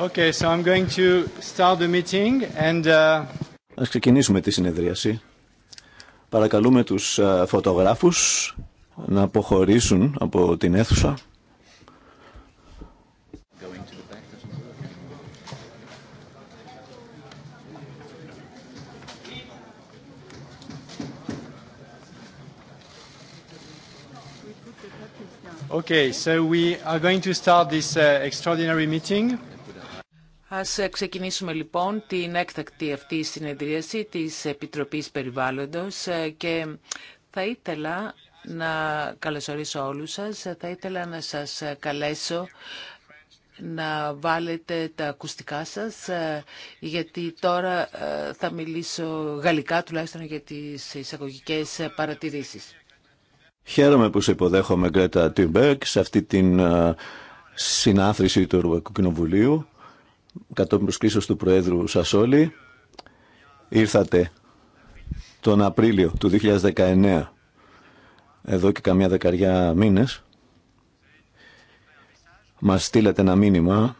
Okay, so I'm going to start the meeting and, uh... Ας ξεκινήσουμε τη συνεδρίαση. Παρακαλούμε τους φωτογράφους να αποχωρήσουν από την αίθουσα. Okay, so we are going to start this extraordinary meeting. Ας ε, ξεκινήσουμε λοιπόν την έκτακτη αυτή συνεδρίαση της Επιτροπής Περιβάλλοντος ε, και θα ήθελα να καλωσορίσω όλους σας. Ε, θα ήθελα να σας καλέσω να βάλετε τα ακουστικά σας, γιατί τώρα θα μιλήσω γαλλικά, τουλάχιστον για τις εισαγωγικές παρατηρήσεις. Χαίρομαι που σε υποδέχομαι, Γκρέτα Τιμπέρκ, σε αυτή την συνάθρηση του Ευρωπαϊκού Κοινοβουλίου κατόπιν προσκλήσεως του Προέδρου Σασόλη ήρθατε τον Απρίλιο του 2019 εδώ και καμιά δεκαριά μήνες μας στείλατε ένα μήνυμα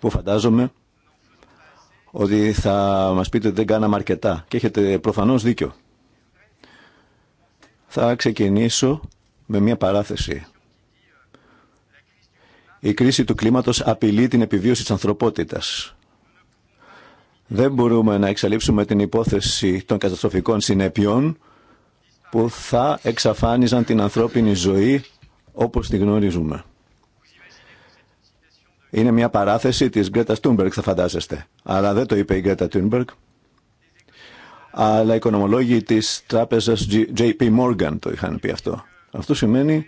που φαντάζομαι ότι θα μας πείτε ότι δεν κάναμε αρκετά και έχετε προφανώς δίκιο. Θα ξεκινήσω με μια παράθεση. Η κρίση του κλίματος απειλεί την επιβίωση της ανθρωπότητας. Δεν μπορούμε να εξαλείψουμε την υπόθεση των καταστροφικών συνέπειων που θα εξαφάνιζαν την ανθρώπινη ζωή όπως τη γνωρίζουμε. Είναι μια παράθεση της Γκρέτα Τούνμπεργκ θα φαντάζεστε. Αλλά δεν το είπε η Γκρέτα Τούνμπεργκ. Αλλά οι οικονομολόγοι της τράπεζας JP Morgan το είχαν πει αυτό. Αυτό σημαίνει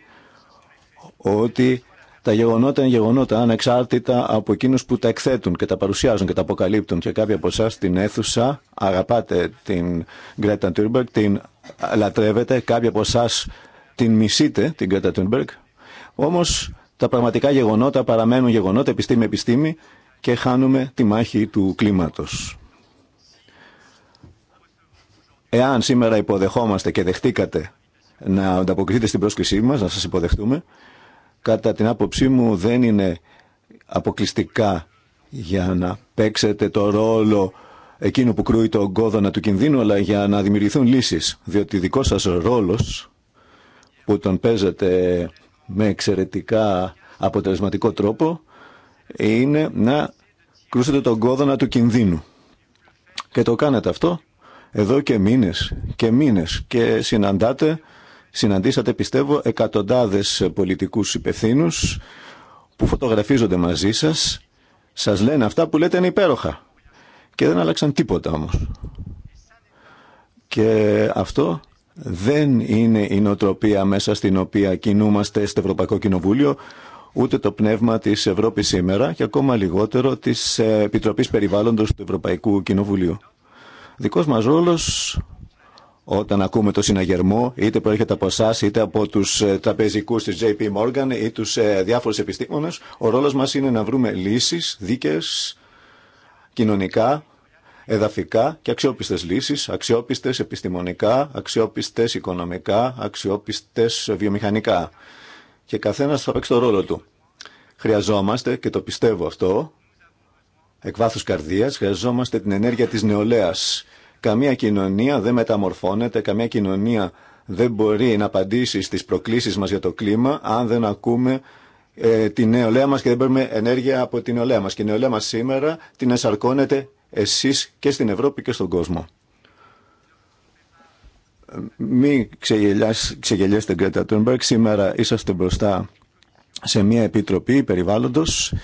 ότι τα γεγονότα είναι γεγονότα ανεξάρτητα από εκείνους που τα εκθέτουν και τα παρουσιάζουν και τα αποκαλύπτουν. Και κάποιοι από εσά την αίθουσα αγαπάτε την Γκρέτα Τούρμπεργκ, την λατρεύετε, κάποιοι από εσά την μισείτε, την Γκρέτα Τούρμπεργκ. Όμως τα πραγματικά γεγονότα παραμένουν γεγονότα, επιστήμη επιστήμη και χάνουμε τη μάχη του κλίματος. Εάν σήμερα υποδεχόμαστε και δεχτήκατε να ανταποκριθείτε στην πρόσκλησή μας, να σας υποδεχτούμε, κατά την άποψή μου δεν είναι αποκλειστικά για να παίξετε το ρόλο εκείνου που κρούει τον κόδωνα του κινδύνου, αλλά για να δημιουργηθούν λύσεις. Διότι δικό σας ρόλος που τον παίζετε με εξαιρετικά αποτελεσματικό τρόπο είναι να κρούσετε τον κόδωνα του κινδύνου. Και το κάνετε αυτό εδώ και μήνες και μήνες και συναντάτε Συναντήσατε, πιστεύω, εκατοντάδες πολιτικούς υπευθύνου που φωτογραφίζονται μαζί σας, σας λένε αυτά που λέτε είναι υπέροχα και δεν άλλαξαν τίποτα όμως. Και αυτό δεν είναι η νοοτροπία μέσα στην οποία κινούμαστε στο Ευρωπαϊκό Κοινοβούλιο, ούτε το πνεύμα της Ευρώπης σήμερα και ακόμα λιγότερο της Επιτροπής Περιβάλλοντος του Ευρωπαϊκού Κοινοβουλίου. Δικός μας ρόλος όταν ακούμε το συναγερμό, είτε προέρχεται από εσά, είτε από του ε, τραπεζικού τη JP Morgan ή του ε, διάφορου επιστήμονε. Ο ρόλο μα είναι να βρούμε λύσει δίκαιε, κοινωνικά, εδαφικά και αξιόπιστες λύσεις, αξιόπιστες επιστημονικά, αξιόπιστες οικονομικά, αξιόπιστες βιομηχανικά. Και καθένας θα παίξει το ρόλο του. Χρειαζόμαστε, και το πιστεύω αυτό, εκ βάθους καρδίας, χρειαζόμαστε την ενέργεια της νεολαίας Καμία κοινωνία δεν μεταμορφώνεται, καμία κοινωνία δεν μπορεί να απαντήσει στις προκλήσεις μας για το κλίμα αν δεν ακούμε ε, την νεολαία μας και δεν παίρνουμε ενέργεια από την νεολαία μας. Και η νεολαία μας σήμερα την εσαρκώνετε εσείς και στην Ευρώπη και στον κόσμο. Μην ξεγελιάσετε Γκρέτα Τούνμπερκ. Σήμερα είσαστε μπροστά σε μια επιτροπή περιβάλλοντος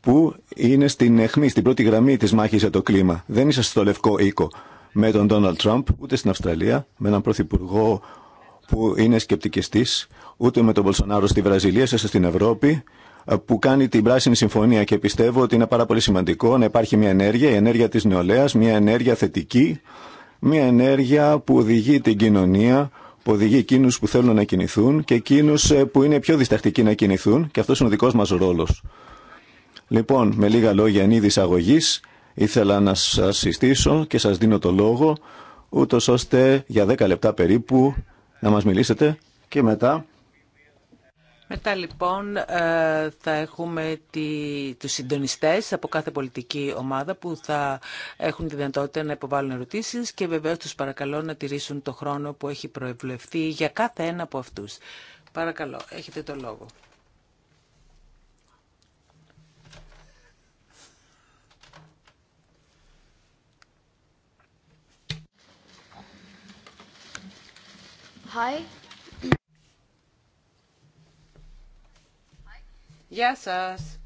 που είναι στην αιχμή, στην πρώτη γραμμή της μάχης για το κλίμα. Δεν είσαστε στο λευκό οίκο με τον Ντόναλτ Τραμπ, ούτε στην Αυστραλία, με έναν πρωθυπουργό που είναι σκεπτικιστή, ούτε με τον Μπολσονάρο στη Βραζιλία, σας στην Ευρώπη, που κάνει την πράσινη συμφωνία και πιστεύω ότι είναι πάρα πολύ σημαντικό να υπάρχει μια ενέργεια, η ενέργεια της νεολαίας, μια ενέργεια θετική, μια ενέργεια που οδηγεί την κοινωνία, που οδηγεί εκείνους που θέλουν να κινηθούν και εκείνους ε, που είναι πιο διστακτικοί να κινηθούν και αυτό είναι ο δικός μας ρόλος. Λοιπόν, με λίγα λόγια εν είδη Ήθελα να σας συστήσω και σας δίνω το λόγο, ούτως ώστε για 10 λεπτά περίπου να μας μιλήσετε και μετά... Μετά λοιπόν ε, θα έχουμε τη, τους συντονιστές από κάθε πολιτική ομάδα που θα έχουν τη δυνατότητα να υποβάλουν ερωτήσεις και βεβαίως τους παρακαλώ να τηρήσουν το χρόνο που έχει προεβλεφθεί για κάθε ένα από αυτούς. Παρακαλώ, έχετε το λόγο. Hi. Γεια σας.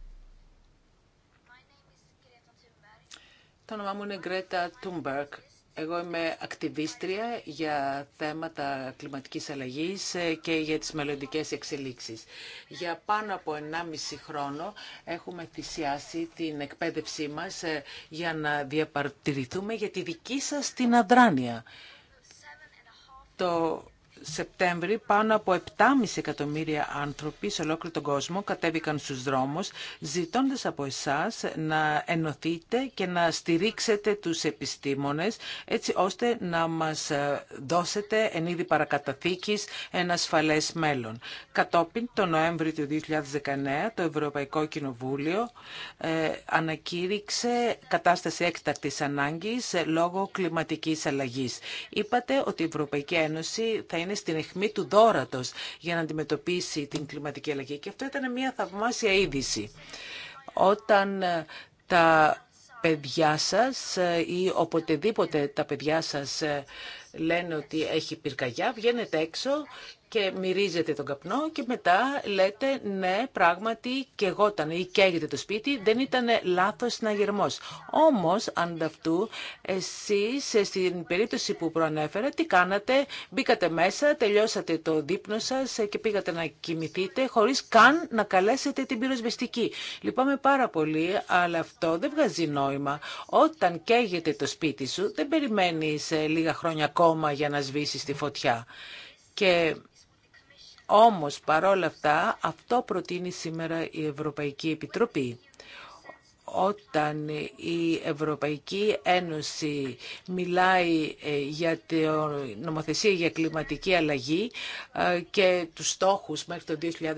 Το όνομά μου είναι Γκρέτα Τούμπερκ. Εγώ είμαι ακτιβίστρια για θέματα κλιματικής αλλαγής και για τις μελλοντικές εξελίξεις. Για πάνω από 1,5 χρόνο έχουμε θυσιάσει την εκπαίδευσή μας για να διαπαρτηρηθούμε για τη δική σας την αδράνεια. Το Σεπτέμβρη πάνω από 7,5 εκατομμύρια άνθρωποι σε ολόκληρο τον κόσμο κατέβηκαν στους δρόμους ζητώντας από εσάς να ενωθείτε και να στηρίξετε τους επιστήμονες έτσι ώστε να μας δώσετε εν είδη παρακαταθήκης ένα ασφαλές μέλλον. Κατόπιν το Νοέμβρη του 2019 το Ευρωπαϊκό Κοινοβούλιο ε, ανακήρυξε κατάσταση έκτακτης ανάγκης λόγω κλιματικής αλλαγής. Είπατε ότι η Ευρωπαϊκή Ένωση θα είναι στην αιχμή του δόρατος για να αντιμετωπίσει την κλιματική αλλαγή. Και αυτό ήταν μια θαυμάσια είδηση. Όταν ε, τα παιδιά σας ε, ή οποτεδήποτε τα παιδιά σας ε, λένε ότι έχει πυρκαγιά, βγαίνετε έξω και μυρίζετε τον καπνό και μετά λέτε ναι πράγματι και εγώ ή καίγεται το σπίτι δεν ήταν λάθος συναγερμός. Όμως ανταυτού εσείς ε, στην περίπτωση που προανέφερα τι κάνατε μπήκατε μέσα, τελειώσατε το δείπνο σας ε, και πήγατε να κοιμηθείτε χωρίς καν να καλέσετε την πυροσβεστική. Λυπάμαι πάρα πολύ αλλά αυτό δεν βγάζει νόημα. Όταν καίγεται το σπίτι σου δεν περιμένεις ε, λίγα χρόνια ακόμα για να σβήσεις τη φωτιά. Και όμως, παρόλα αυτά, αυτό προτείνει σήμερα η Ευρωπαϊκή Επιτροπή όταν η Ευρωπαϊκή Ένωση μιλάει ε, για την νομοθεσία για κλιματική αλλαγή ε, και τους στόχους μέχρι το 2050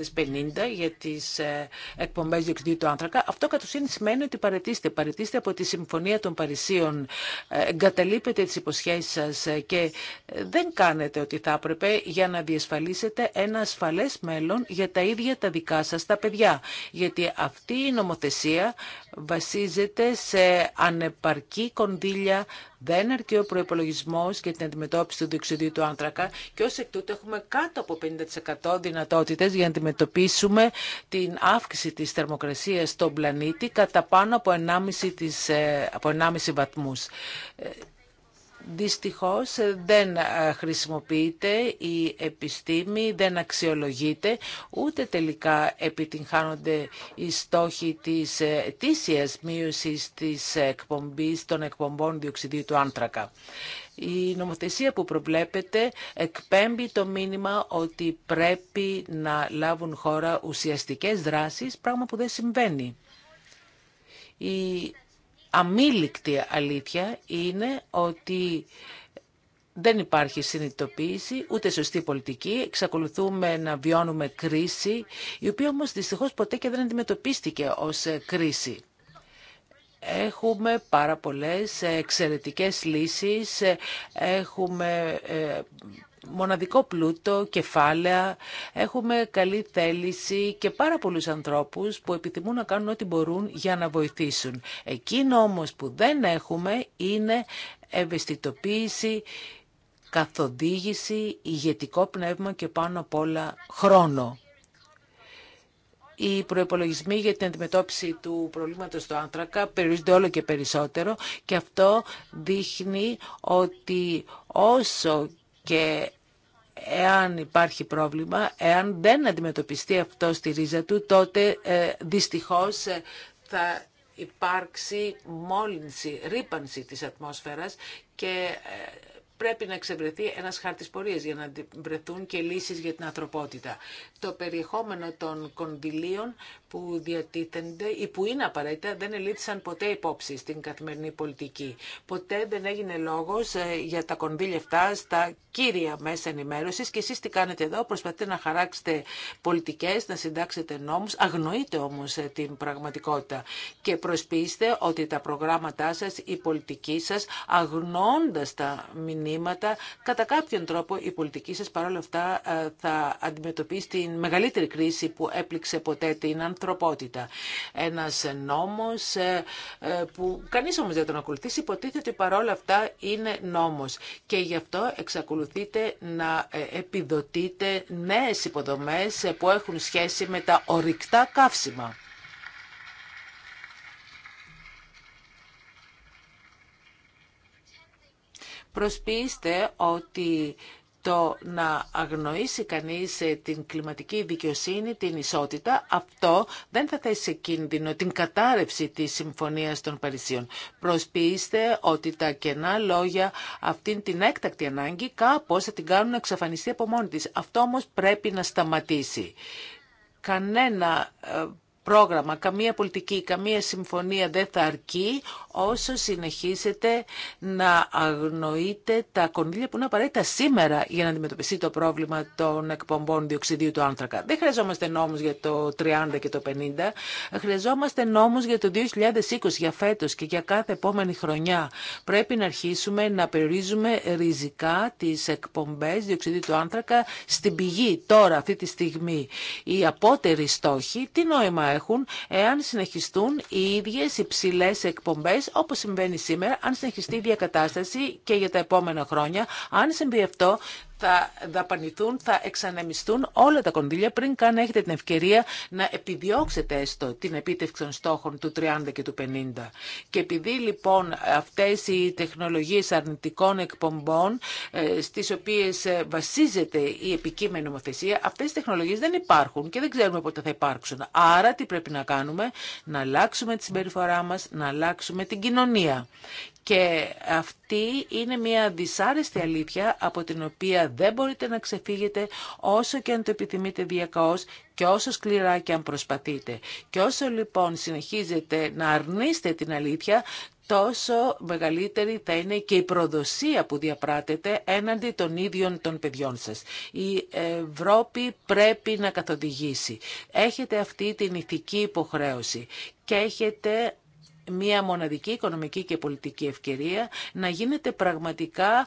για τις ε, εκπομπές διοξιδίου του άνθρακα, αυτό κατ' ουσίαν σημαίνει ότι παρετήστε. Παρετήστε από τη Συμφωνία των Παρισίων, εγκαταλείπετε τις υποσχέσεις σας και δεν κάνετε ό,τι θα έπρεπε για να διασφαλίσετε ένα ασφαλές μέλλον για τα ίδια τα δικά σας τα παιδιά. Γιατί αυτή η νομοθεσία βασίζεται σε ανεπαρκή κονδύλια, δεν αρκεί ο προπολογισμό για την αντιμετώπιση του διοξιδίου του άνθρακα και ω εκ τούτου έχουμε κάτω από 50% δυνατότητε για να αντιμετωπίσουμε την αύξηση τη θερμοκρασία στον πλανήτη κατά πάνω από 1,5, ε, από 1,5 βαθμού. Ε, Δυστυχώς ε, δεν ε, χρησιμοποιείται η επιστήμη, δεν αξιολογείται, ούτε τελικά επιτυγχάνονται οι στόχοι της ετήσιας μείωσης της εκπομπής των εκπομπών διοξιδίου του άνθρακα. Η νομοθεσία που προβλέπεται εκπέμπει το μήνυμα ότι πρέπει να λάβουν χώρα ουσιαστικές δράσεις, πράγμα που δεν συμβαίνει. Η αμήλικτη αλήθεια είναι ότι δεν υπάρχει συνειδητοποίηση, ούτε σωστή πολιτική. Εξακολουθούμε να βιώνουμε κρίση, η οποία όμως δυστυχώς ποτέ και δεν αντιμετωπίστηκε ως κρίση. Έχουμε πάρα πολλές εξαιρετικές λύσεις, έχουμε ε, μοναδικό πλούτο, κεφάλαια, έχουμε καλή θέληση και πάρα πολλούς ανθρώπους που επιθυμούν να κάνουν ό,τι μπορούν για να βοηθήσουν. Εκείνο όμως που δεν έχουμε είναι ευαισθητοποίηση, καθοδήγηση, ηγετικό πνεύμα και πάνω απ' όλα χρόνο. Οι προπολογισμοί για την αντιμετώπιση του προβλήματος του άνθρακα περιορίζονται όλο και περισσότερο και αυτό δείχνει ότι όσο και εάν υπάρχει πρόβλημα, εάν δεν αντιμετωπιστεί αυτό στη ρίζα του, τότε ε, δυστυχώς ε, θα υπάρξει μόλυνση, ρήπανση της ατμόσφαιρας και ε, πρέπει να εξευρεθεί ένας χάρτης πορείας για να βρεθούν και λύσεις για την ανθρωπότητα. Το περιεχόμενο των κονδυλίων που διατίθενται ή που είναι απαραίτητα δεν ελήφθησαν ποτέ υπόψη στην καθημερινή πολιτική. Ποτέ δεν έγινε λόγο ε, για τα κονδύλια αυτά στα κύρια μέσα ενημέρωση και εσεί τι κάνετε εδώ, προσπαθείτε να χαράξετε πολιτικέ, να συντάξετε νόμου, αγνοείτε όμω ε, την πραγματικότητα και προσπίστε ότι τα προγράμματά σα, η πολιτική σα, αγνώντας τα μηνύματα, κατά κάποιον τρόπο η πολιτική σα, παρόλα αυτά ε, θα αντιμετωπίσει την μεγαλύτερη κρίση που έπληξε ποτέ την ανθρώπινη ανθρωπότητα. Ένας νόμος ε, ε, που κανείς όμως δεν τον ακολουθήσει, υποτίθεται ότι παρόλα αυτά είναι νόμος. Και γι' αυτό εξακολουθείτε να ε, επιδοτείτε νέες υποδομές που έχουν σχέση με τα ορυκτά καύσιμα. Προσποιήστε ότι το να αγνοήσει κανείς ε, την κλιματική δικαιοσύνη, την ισότητα, αυτό δεν θα θέσει σε κίνδυνο την κατάρρευση της Συμφωνίας των Παρισίων. Προσποιήστε ότι τα κενά λόγια αυτήν την έκτακτη ανάγκη κάπως θα την κάνουν να εξαφανιστεί από μόνη της. Αυτό όμως πρέπει να σταματήσει. Κανένα ε, πρόγραμμα, καμία πολιτική, καμία συμφωνία δεν θα αρκεί όσο συνεχίσετε να αγνοείτε τα κονδύλια που είναι απαραίτητα σήμερα για να αντιμετωπιστεί το πρόβλημα των εκπομπών διοξιδίου του άνθρακα. Δεν χρειαζόμαστε νόμους για το 30 και το 50, χρειαζόμαστε νόμους για το 2020, για φέτος και για κάθε επόμενη χρονιά. Πρέπει να αρχίσουμε να περιορίζουμε ριζικά τις εκπομπές διοξιδίου του άνθρακα στην πηγή τώρα αυτή τη στιγμή. Οι απότεροι στόχοι, τι νόημα εάν συνεχιστούν οι ίδιες υψηλέ εκπομπές όπως συμβαίνει σήμερα, αν συνεχιστεί η διακατάσταση και για τα επόμενα χρόνια. Αν συμβεί αυτό, θα δαπανηθούν, θα εξανεμιστούν όλα τα κονδύλια πριν καν έχετε την ευκαιρία να επιδιώξετε έστω την επίτευξη των στόχων του 30 και του 50. Και επειδή λοιπόν αυτές οι τεχνολογίες αρνητικών εκπομπών ε, στις οποίες ε, βασίζεται η επικείμενη νομοθεσία, αυτές οι τεχνολογίες δεν υπάρχουν και δεν ξέρουμε πότε θα υπάρξουν. Άρα τι πρέπει να κάνουμε, να αλλάξουμε τη συμπεριφορά μας, να αλλάξουμε την κοινωνία. Και αυτή είναι μια δυσάρεστη αλήθεια από την οποία δεν μπορείτε να ξεφύγετε όσο και αν το επιθυμείτε διακαώς και όσο σκληρά και αν προσπαθείτε. Και όσο λοιπόν συνεχίζετε να αρνείστε την αλήθεια, τόσο μεγαλύτερη θα είναι και η προδοσία που διαπράτετε έναντι των ίδιων των παιδιών σας. Η Ευρώπη πρέπει να καθοδηγήσει. Έχετε αυτή την ηθική υποχρέωση και έχετε μία μοναδική οικονομική και πολιτική ευκαιρία να γίνετε πραγματικά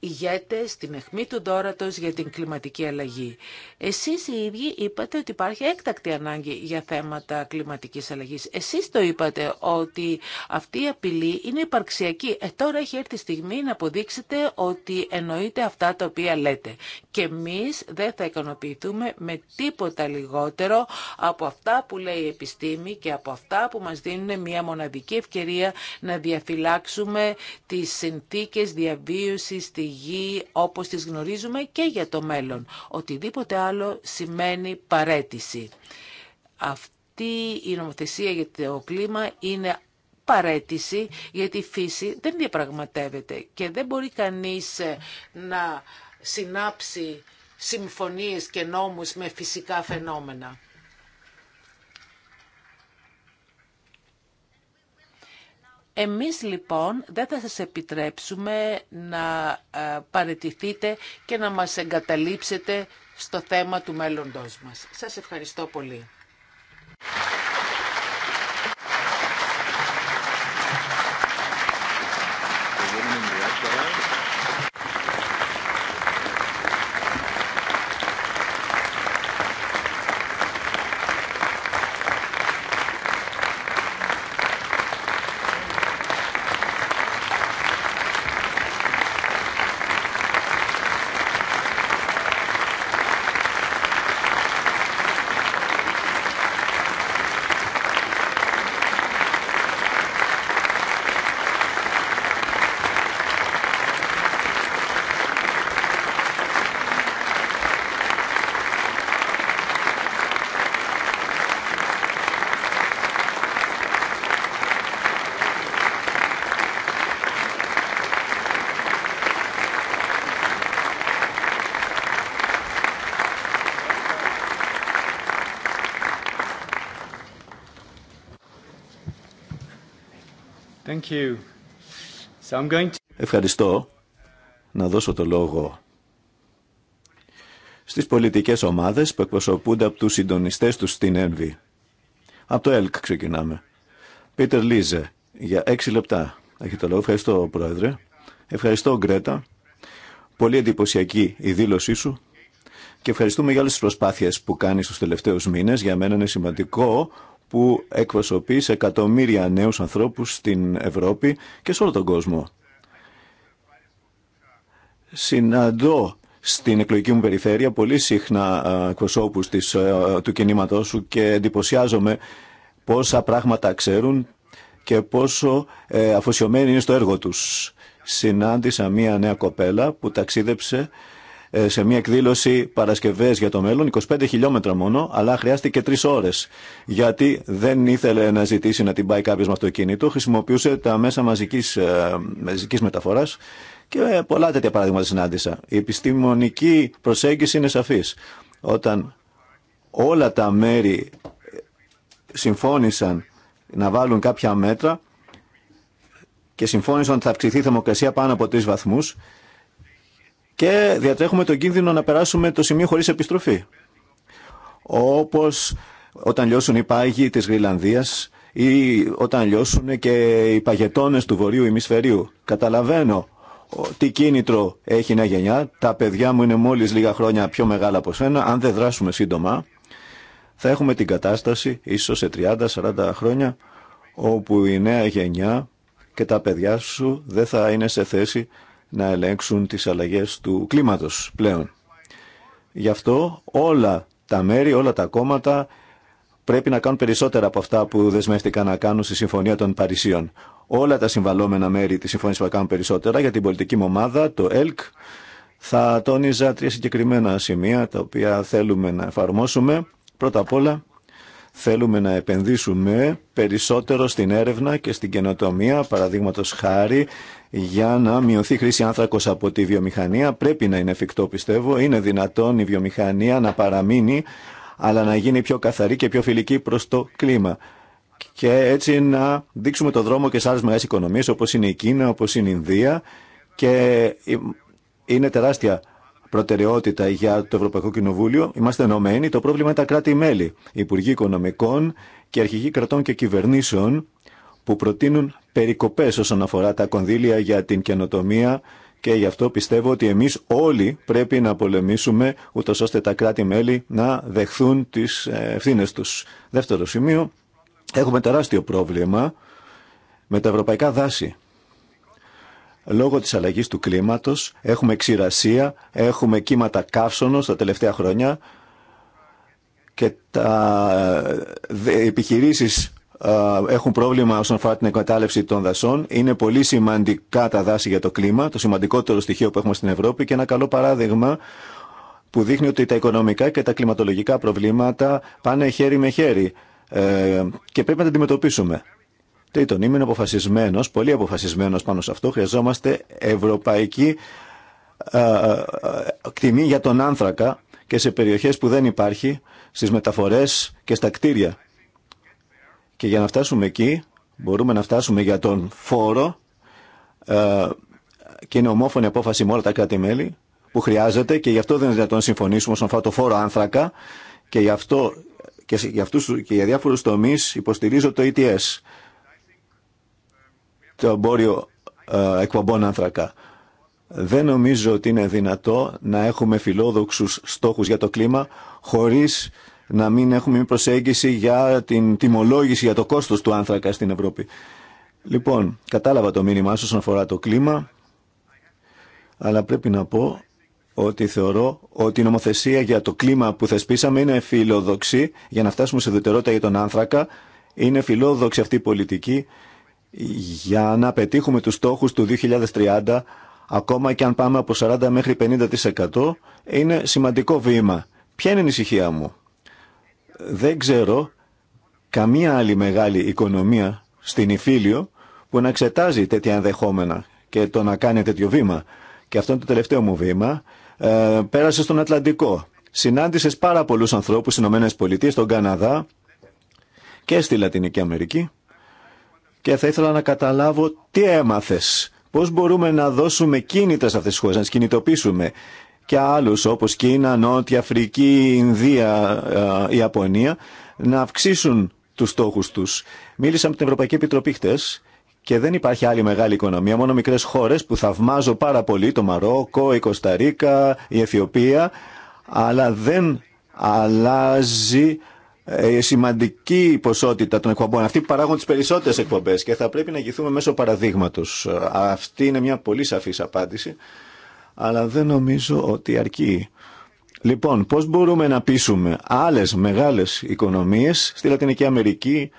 ηγέτες στην αιχμή του δόρατος για την κλιματική αλλαγή. Εσείς οι ίδιοι είπατε ότι υπάρχει έκτακτη ανάγκη για θέματα κλιματικής αλλαγής. Εσείς το είπατε ότι αυτή η απειλή είναι υπαρξιακή. Ε, τώρα έχει έρθει η στιγμή να αποδείξετε ότι εννοείται αυτά τα οποία λέτε. Και εμείς δεν θα ικανοποιηθούμε με τίποτα λιγότερο από αυτά που λέει η επιστήμη και από αυτά που μας δίνουν μια μοναδική ευκαιρία να διαφυλάξουμε τις συνθήκες διαβίωσης, όπω όπως τις γνωρίζουμε και για το μέλλον. Οτιδήποτε άλλο σημαίνει παρέτηση. Αυτή η νομοθεσία για το κλίμα είναι παρέτηση γιατί η φύση δεν διαπραγματεύεται και δεν μπορεί κανείς ε, να συνάψει συμφωνίες και νόμους με φυσικά φαινόμενα. Εμείς λοιπόν δεν θα σας επιτρέψουμε να ε, παρετηθείτε και να μας εγκαταλείψετε στο θέμα του μέλλοντός μας. Σας ευχαριστώ πολύ. Ευχαριστώ να δώσω το λόγο στις πολιτικές ομάδες που εκπροσωπούνται από τους συντονιστές τους στην ΕΝΒΗ. Από το ΕΛΚ ξεκινάμε. Πίτερ Λίζε, για έξι λεπτά. Έχει το λόγο. Ευχαριστώ, Πρόεδρε. Ευχαριστώ, Γκρέτα. Πολύ εντυπωσιακή η δήλωσή σου. Και ευχαριστούμε για όλες τις προσπάθειες που κάνεις τους τελευταίους μήνες. Για μένα είναι σημαντικό που εκπροσωπεί σε εκατομμύρια νέους ανθρώπους στην Ευρώπη και σε όλο τον κόσμο. Συναντώ στην εκλογική μου περιφέρεια πολύ συχνά εκπροσώπους της, του κινήματός σου και εντυπωσιάζομαι πόσα πράγματα ξέρουν και πόσο ε, αφοσιωμένοι είναι στο έργο τους. Συνάντησα μία νέα κοπέλα που ταξίδεψε ε, σε μια εκδήλωση Παρασκευέ για το μέλλον, 25 χιλιόμετρα μόνο, αλλά χρειάστηκε τρει ώρε. Γιατί δεν ήθελε να ζητήσει να την πάει κάποιο με αυτοκίνητο, χρησιμοποιούσε τα μέσα μαζική μαζικής ε, μεταφορά και ε, πολλά τέτοια παραδείγματα συνάντησα. Η επιστημονική προσέγγιση είναι σαφή. Όταν όλα τα μέρη συμφώνησαν να βάλουν κάποια μέτρα και συμφώνησαν ότι θα αυξηθεί η θερμοκρασία πάνω από τρει βαθμούς και διατρέχουμε τον κίνδυνο να περάσουμε το σημείο χωρίς επιστροφή. Όπως όταν λιώσουν οι πάγοι της Γρυλανδίας ή όταν λιώσουν και οι παγετώνες του βορείου ημισφαιρίου. Καταλαβαίνω τι κίνητρο έχει νέα γενιά. Τα παιδιά μου είναι μόλις λίγα χρόνια πιο μεγάλα από σένα. Αν δεν δράσουμε σύντομα, θα έχουμε την κατάσταση ίσως σε 30-40 χρόνια όπου η νέα γενιά και τα παιδιά σου δεν θα είναι σε θέση να ελέγξουν τις αλλαγές του κλίματος πλέον. Γι' αυτό όλα τα μέρη, όλα τα κόμματα πρέπει να κάνουν περισσότερα από αυτά που δεσμεύτηκαν να κάνουν στη Συμφωνία των Παρισίων. Όλα τα συμβαλόμενα μέρη της Συμφωνίας θα κάνουν περισσότερα για την πολιτική μου ομάδα, το ΕΛΚ. Θα τόνιζα τρία συγκεκριμένα σημεία τα οποία θέλουμε να εφαρμόσουμε. Πρώτα απ' όλα Θέλουμε να επενδύσουμε περισσότερο στην έρευνα και στην καινοτομία, παραδείγματο χάρη, για να μειωθεί η χρήση άνθρακος από τη βιομηχανία. Πρέπει να είναι εφικτό, πιστεύω. Είναι δυνατόν η βιομηχανία να παραμείνει, αλλά να γίνει πιο καθαρή και πιο φιλική προς το κλίμα. Και έτσι να δείξουμε το δρόμο και σε άλλε μεγάλες οικονομίες, όπω είναι η Κίνα, όπω είναι η Ινδία. Και είναι τεράστια προτεραιότητα για το Ευρωπαϊκό Κοινοβούλιο. Είμαστε ενωμένοι. Το πρόβλημα είναι τα κράτη-μέλη, Υπουργοί Οικονομικών και Αρχηγοί Κρατών και Κυβερνήσεων που προτείνουν περικοπέ όσον αφορά τα κονδύλια για την καινοτομία και γι' αυτό πιστεύω ότι εμείς όλοι πρέπει να πολεμήσουμε ούτω ώστε τα κράτη-μέλη να δεχθούν τις ε, ευθύνε τους. Δεύτερο σημείο, έχουμε τεράστιο πρόβλημα με τα ευρωπαϊκά δάση. Λόγω της αλλαγής του κλίματος έχουμε ξηρασία, έχουμε κύματα καύσωνος τα τελευταία χρόνια και τα ε, επιχειρήσεις ε, έχουν πρόβλημα όσον αφορά την εκμετάλλευση των δασών. Είναι πολύ σημαντικά τα δάση για το κλίμα, το σημαντικότερο στοιχείο που έχουμε στην Ευρώπη και ένα καλό παράδειγμα που δείχνει ότι τα οικονομικά και τα κλιματολογικά προβλήματα πάνε χέρι με χέρι ε, και πρέπει να τα αντιμετωπίσουμε. Τρίτον, είμαι αποφασισμένο, πολύ αποφασισμένο πάνω σε αυτό. Χρειαζόμαστε ευρωπαϊκή ε, ε, κτιμή για τον άνθρακα και σε περιοχές που δεν υπάρχει, στις μεταφορές και στα κτίρια. Και για να φτάσουμε εκεί, μπορούμε να φτάσουμε για τον φόρο ε, και είναι ομόφωνη απόφαση με όλα τα κράτη-μέλη που χρειάζεται και γι' αυτό δεν είναι δυνατόν να συμφωνήσουμε όσον αφορά το φόρο άνθρακα και γι' αυτό και για, αυτούς, και διάφορους τομείς υποστηρίζω το ETS το εμπόριο ε, εκπομπών άνθρακα. Δεν νομίζω ότι είναι δυνατό να έχουμε φιλόδοξους στόχους για το κλίμα χωρίς να μην έχουμε μια προσέγγιση για την τιμολόγηση για το κόστος του άνθρακα στην Ευρώπη. Λοιπόν, κατάλαβα το μήνυμά σας όσον αφορά το κλίμα, αλλά πρέπει να πω ότι θεωρώ ότι η νομοθεσία για το κλίμα που θεσπίσαμε είναι φιλοδοξή για να φτάσουμε σε δετερότητα για τον άνθρακα. Είναι φιλόδοξη αυτή η πολιτική για να πετύχουμε τους στόχους του 2030 ακόμα και αν πάμε από 40 μέχρι 50% είναι σημαντικό βήμα. Ποια είναι η ησυχία μου. Δεν ξέρω καμία άλλη μεγάλη οικονομία στην Ιφίλιο που να εξετάζει τέτοια ενδεχόμενα και το να κάνει τέτοιο βήμα. Και αυτό είναι το τελευταίο μου βήμα. Ε, πέρασε στον Ατλαντικό. Συνάντησες πάρα πολλούς ανθρώπους στις ΗΠΑ, στον Καναδά και στη Λατινική Αμερική και θα ήθελα να καταλάβω τι έμαθες. Πώς μπορούμε να δώσουμε κίνητα σε αυτές τις χώρες, να τις κινητοποιήσουμε και άλλους όπως Κίνα, Νότια, Αφρική, Ινδία, Ιαπωνία να αυξήσουν τους στόχους τους. Μίλησα με την Ευρωπαϊκή Επιτροπή χτες και δεν υπάρχει άλλη μεγάλη οικονομία, μόνο μικρές χώρες που θαυμάζω πάρα πολύ, το Μαρόκο, η Κωνσταντίνα, η Αιθιοπία, αλλά δεν αλλάζει ε, η σημαντική ποσότητα των εκπομπών. Αυτοί που παράγουν τι περισσότερε εκπομπέ και θα πρέπει να γυθούμε μέσω παραδείγματο. Αυτή είναι μια πολύ σαφή απάντηση, αλλά δεν νομίζω ότι αρκεί. Λοιπόν, πώς μπορούμε να πείσουμε άλλες μεγάλες οικονομίες στη Λατινική Αμερική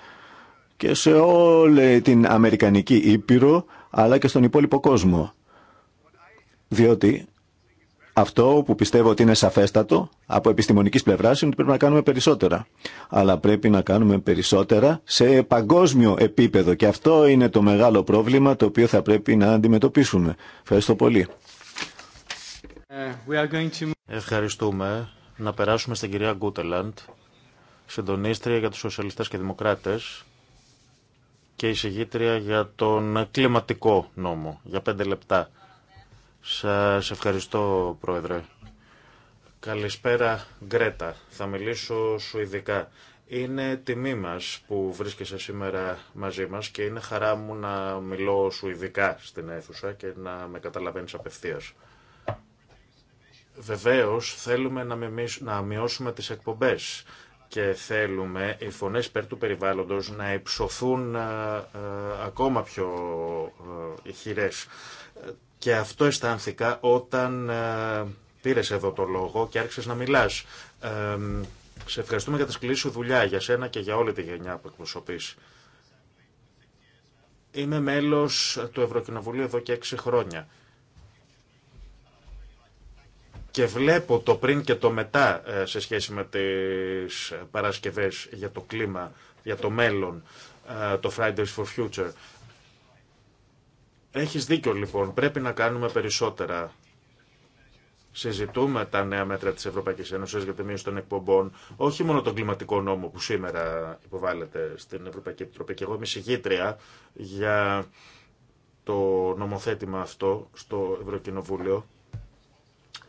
και σε όλη την Αμερικανική Ήπειρο, αλλά και στον υπόλοιπο κόσμο. Διότι αυτό που πιστεύω ότι είναι σαφέστατο από επιστημονική πλευρά είναι ότι πρέπει να κάνουμε περισσότερα. Αλλά πρέπει να κάνουμε περισσότερα σε παγκόσμιο επίπεδο. Και αυτό είναι το μεγάλο πρόβλημα το οποίο θα πρέπει να αντιμετωπίσουμε. Ευχαριστώ πολύ. Ε, Ευχαριστούμε. Να περάσουμε στην κυρία Γκούτελαντ, συντονίστρια για τους σοσιαλιστές και δημοκράτες και εισηγήτρια για τον κλιματικό νόμο. Για πέντε λεπτά. Σας ευχαριστώ, Πρόεδρε. Καλησπέρα, Γκρέτα. Θα μιλήσω σου Είναι τιμή μας που βρίσκεσαι σήμερα μαζί μας και είναι χαρά μου να μιλώ σου ειδικά στην αίθουσα και να με καταλαβαίνεις απευθείας. Βεβαίως, θέλουμε να μειώσουμε τις εκπομπές και θέλουμε οι φωνές υπέρ του περιβάλλοντος να υψωθούν ε, ε, ακόμα πιο ε, ηχηρές. Και αυτό αισθάνθηκα όταν ε, πήρες εδώ το λόγο και άρχισες να μιλάς. Ε, σε ευχαριστούμε για τη σκληρή σου δουλειά, για σένα και για όλη τη γενιά που εκπροσωπείς. Είμαι μέλος του Ευρωκοινοβουλίου εδώ και έξι χρόνια. Και βλέπω το πριν και το μετά ε, σε σχέση με τις παρασκευές για το κλίμα, για το μέλλον, το Fridays for Future. Έχεις δίκιο λοιπόν, πρέπει να κάνουμε περισσότερα. Συζητούμε τα νέα μέτρα της Ευρωπαϊκής Ένωσης για τη μείωση των εκπομπών, όχι μόνο τον κλιματικό νόμο που σήμερα υποβάλλεται στην Ευρωπαϊκή Επιτροπή. Και εγώ είμαι συγγήτρια για το νομοθέτημα αυτό στο Ευρωκοινοβούλιο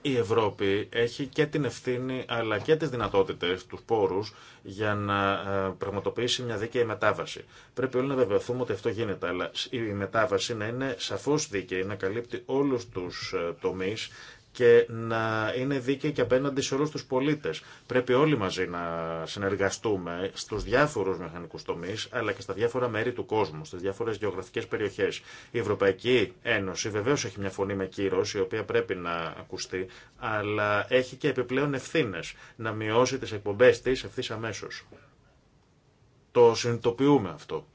η Ευρώπη έχει και την ευθύνη αλλά και τις δυνατότητες, τους πόρους για να ε, πραγματοποιήσει μια δίκαιη μετάβαση. Πρέπει όλοι να βεβαιωθούμε ότι αυτό γίνεται, αλλά η μετάβαση να είναι σαφώς δίκαιη, να καλύπτει όλους τους ε, τομείς και να είναι δίκαιοι και απέναντι σε όλου του πολίτε. Πρέπει όλοι μαζί να συνεργαστούμε στου διάφορου μηχανικού τομεί, αλλά και στα διάφορα μέρη του κόσμου, στι διάφορε γεωγραφικέ περιοχέ. Η Ευρωπαϊκή Ένωση βεβαίω έχει μια φωνή με κύρος, η οποία πρέπει να ακουστεί, αλλά έχει και επιπλέον ευθύνε να μειώσει τι εκπομπέ τη ευθύ αμέσω. Το συνειδητοποιούμε αυτό.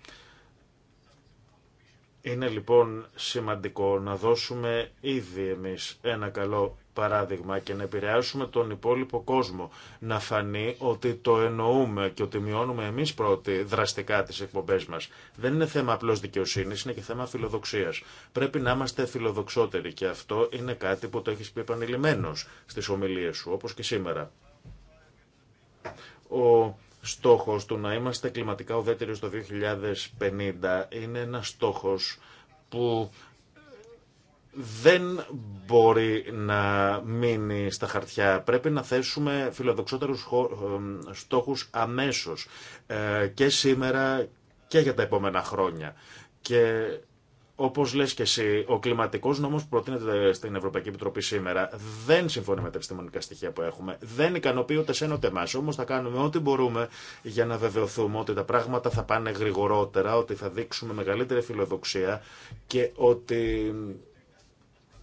Είναι λοιπόν σημαντικό να δώσουμε ήδη εμείς ένα καλό παράδειγμα και να επηρεάσουμε τον υπόλοιπο κόσμο. Να φανεί ότι το εννοούμε και ότι μειώνουμε εμείς πρώτοι δραστικά τις εκπομπές μας. Δεν είναι θέμα απλώς δικαιοσύνης, είναι και θέμα φιλοδοξίας. Πρέπει να είμαστε φιλοδοξότεροι και αυτό είναι κάτι που το έχεις πει επανειλημμένος στις ομιλίες σου, όπως και σήμερα. Ο στόχος του να είμαστε κλιματικά ουδέτεροι στο 2050 είναι ένας στόχος που δεν μπορεί να μείνει στα χαρτιά. Πρέπει να θέσουμε φιλοδοξότερους στόχους αμέσως ε, και σήμερα και για τα επόμενα χρόνια. Και Όπω λε και εσύ, ο κλιματικό νόμο που προτείνεται στην Ευρωπαϊκή Επιτροπή σήμερα δεν συμφωνεί με τα επιστημονικά στοιχεία που έχουμε. Δεν ικανοποιεί ούτε σένα ούτε εμά. Όμω θα κάνουμε ό,τι μπορούμε για να βεβαιωθούμε ότι τα πράγματα θα πάνε γρηγορότερα, ότι θα δείξουμε μεγαλύτερη φιλοδοξία και ότι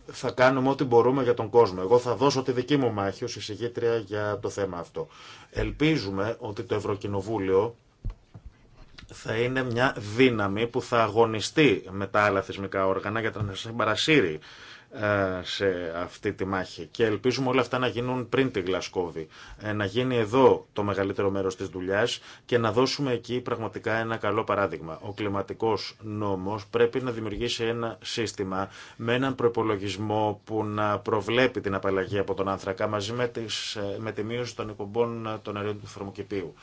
θα κάνουμε ό,τι μπορούμε για τον κόσμο. Εγώ θα δώσω τη δική μου μάχη ω εισηγήτρια για το θέμα αυτό. Ελπίζουμε ότι το Ευρωκοινοβούλιο θα είναι μια δύναμη που θα αγωνιστεί με τα άλλα θεσμικά όργανα για να συμπαρασύρει ε, σε αυτή τη μάχη. Και ελπίζουμε όλα αυτά να γίνουν πριν τη Γλασκόβη. Ε, να γίνει εδώ το μεγαλύτερο μέρος της δουλειάς και να δώσουμε εκεί πραγματικά ένα καλό παράδειγμα. Ο κλιματικός νόμος πρέπει να δημιουργήσει ένα σύστημα με έναν προπολογισμό που να προβλέπει την απαλλαγή από τον άνθρακα μαζί με, ε, με τη μείωση των εκπομπών των αερίων του θερμοκηπίου.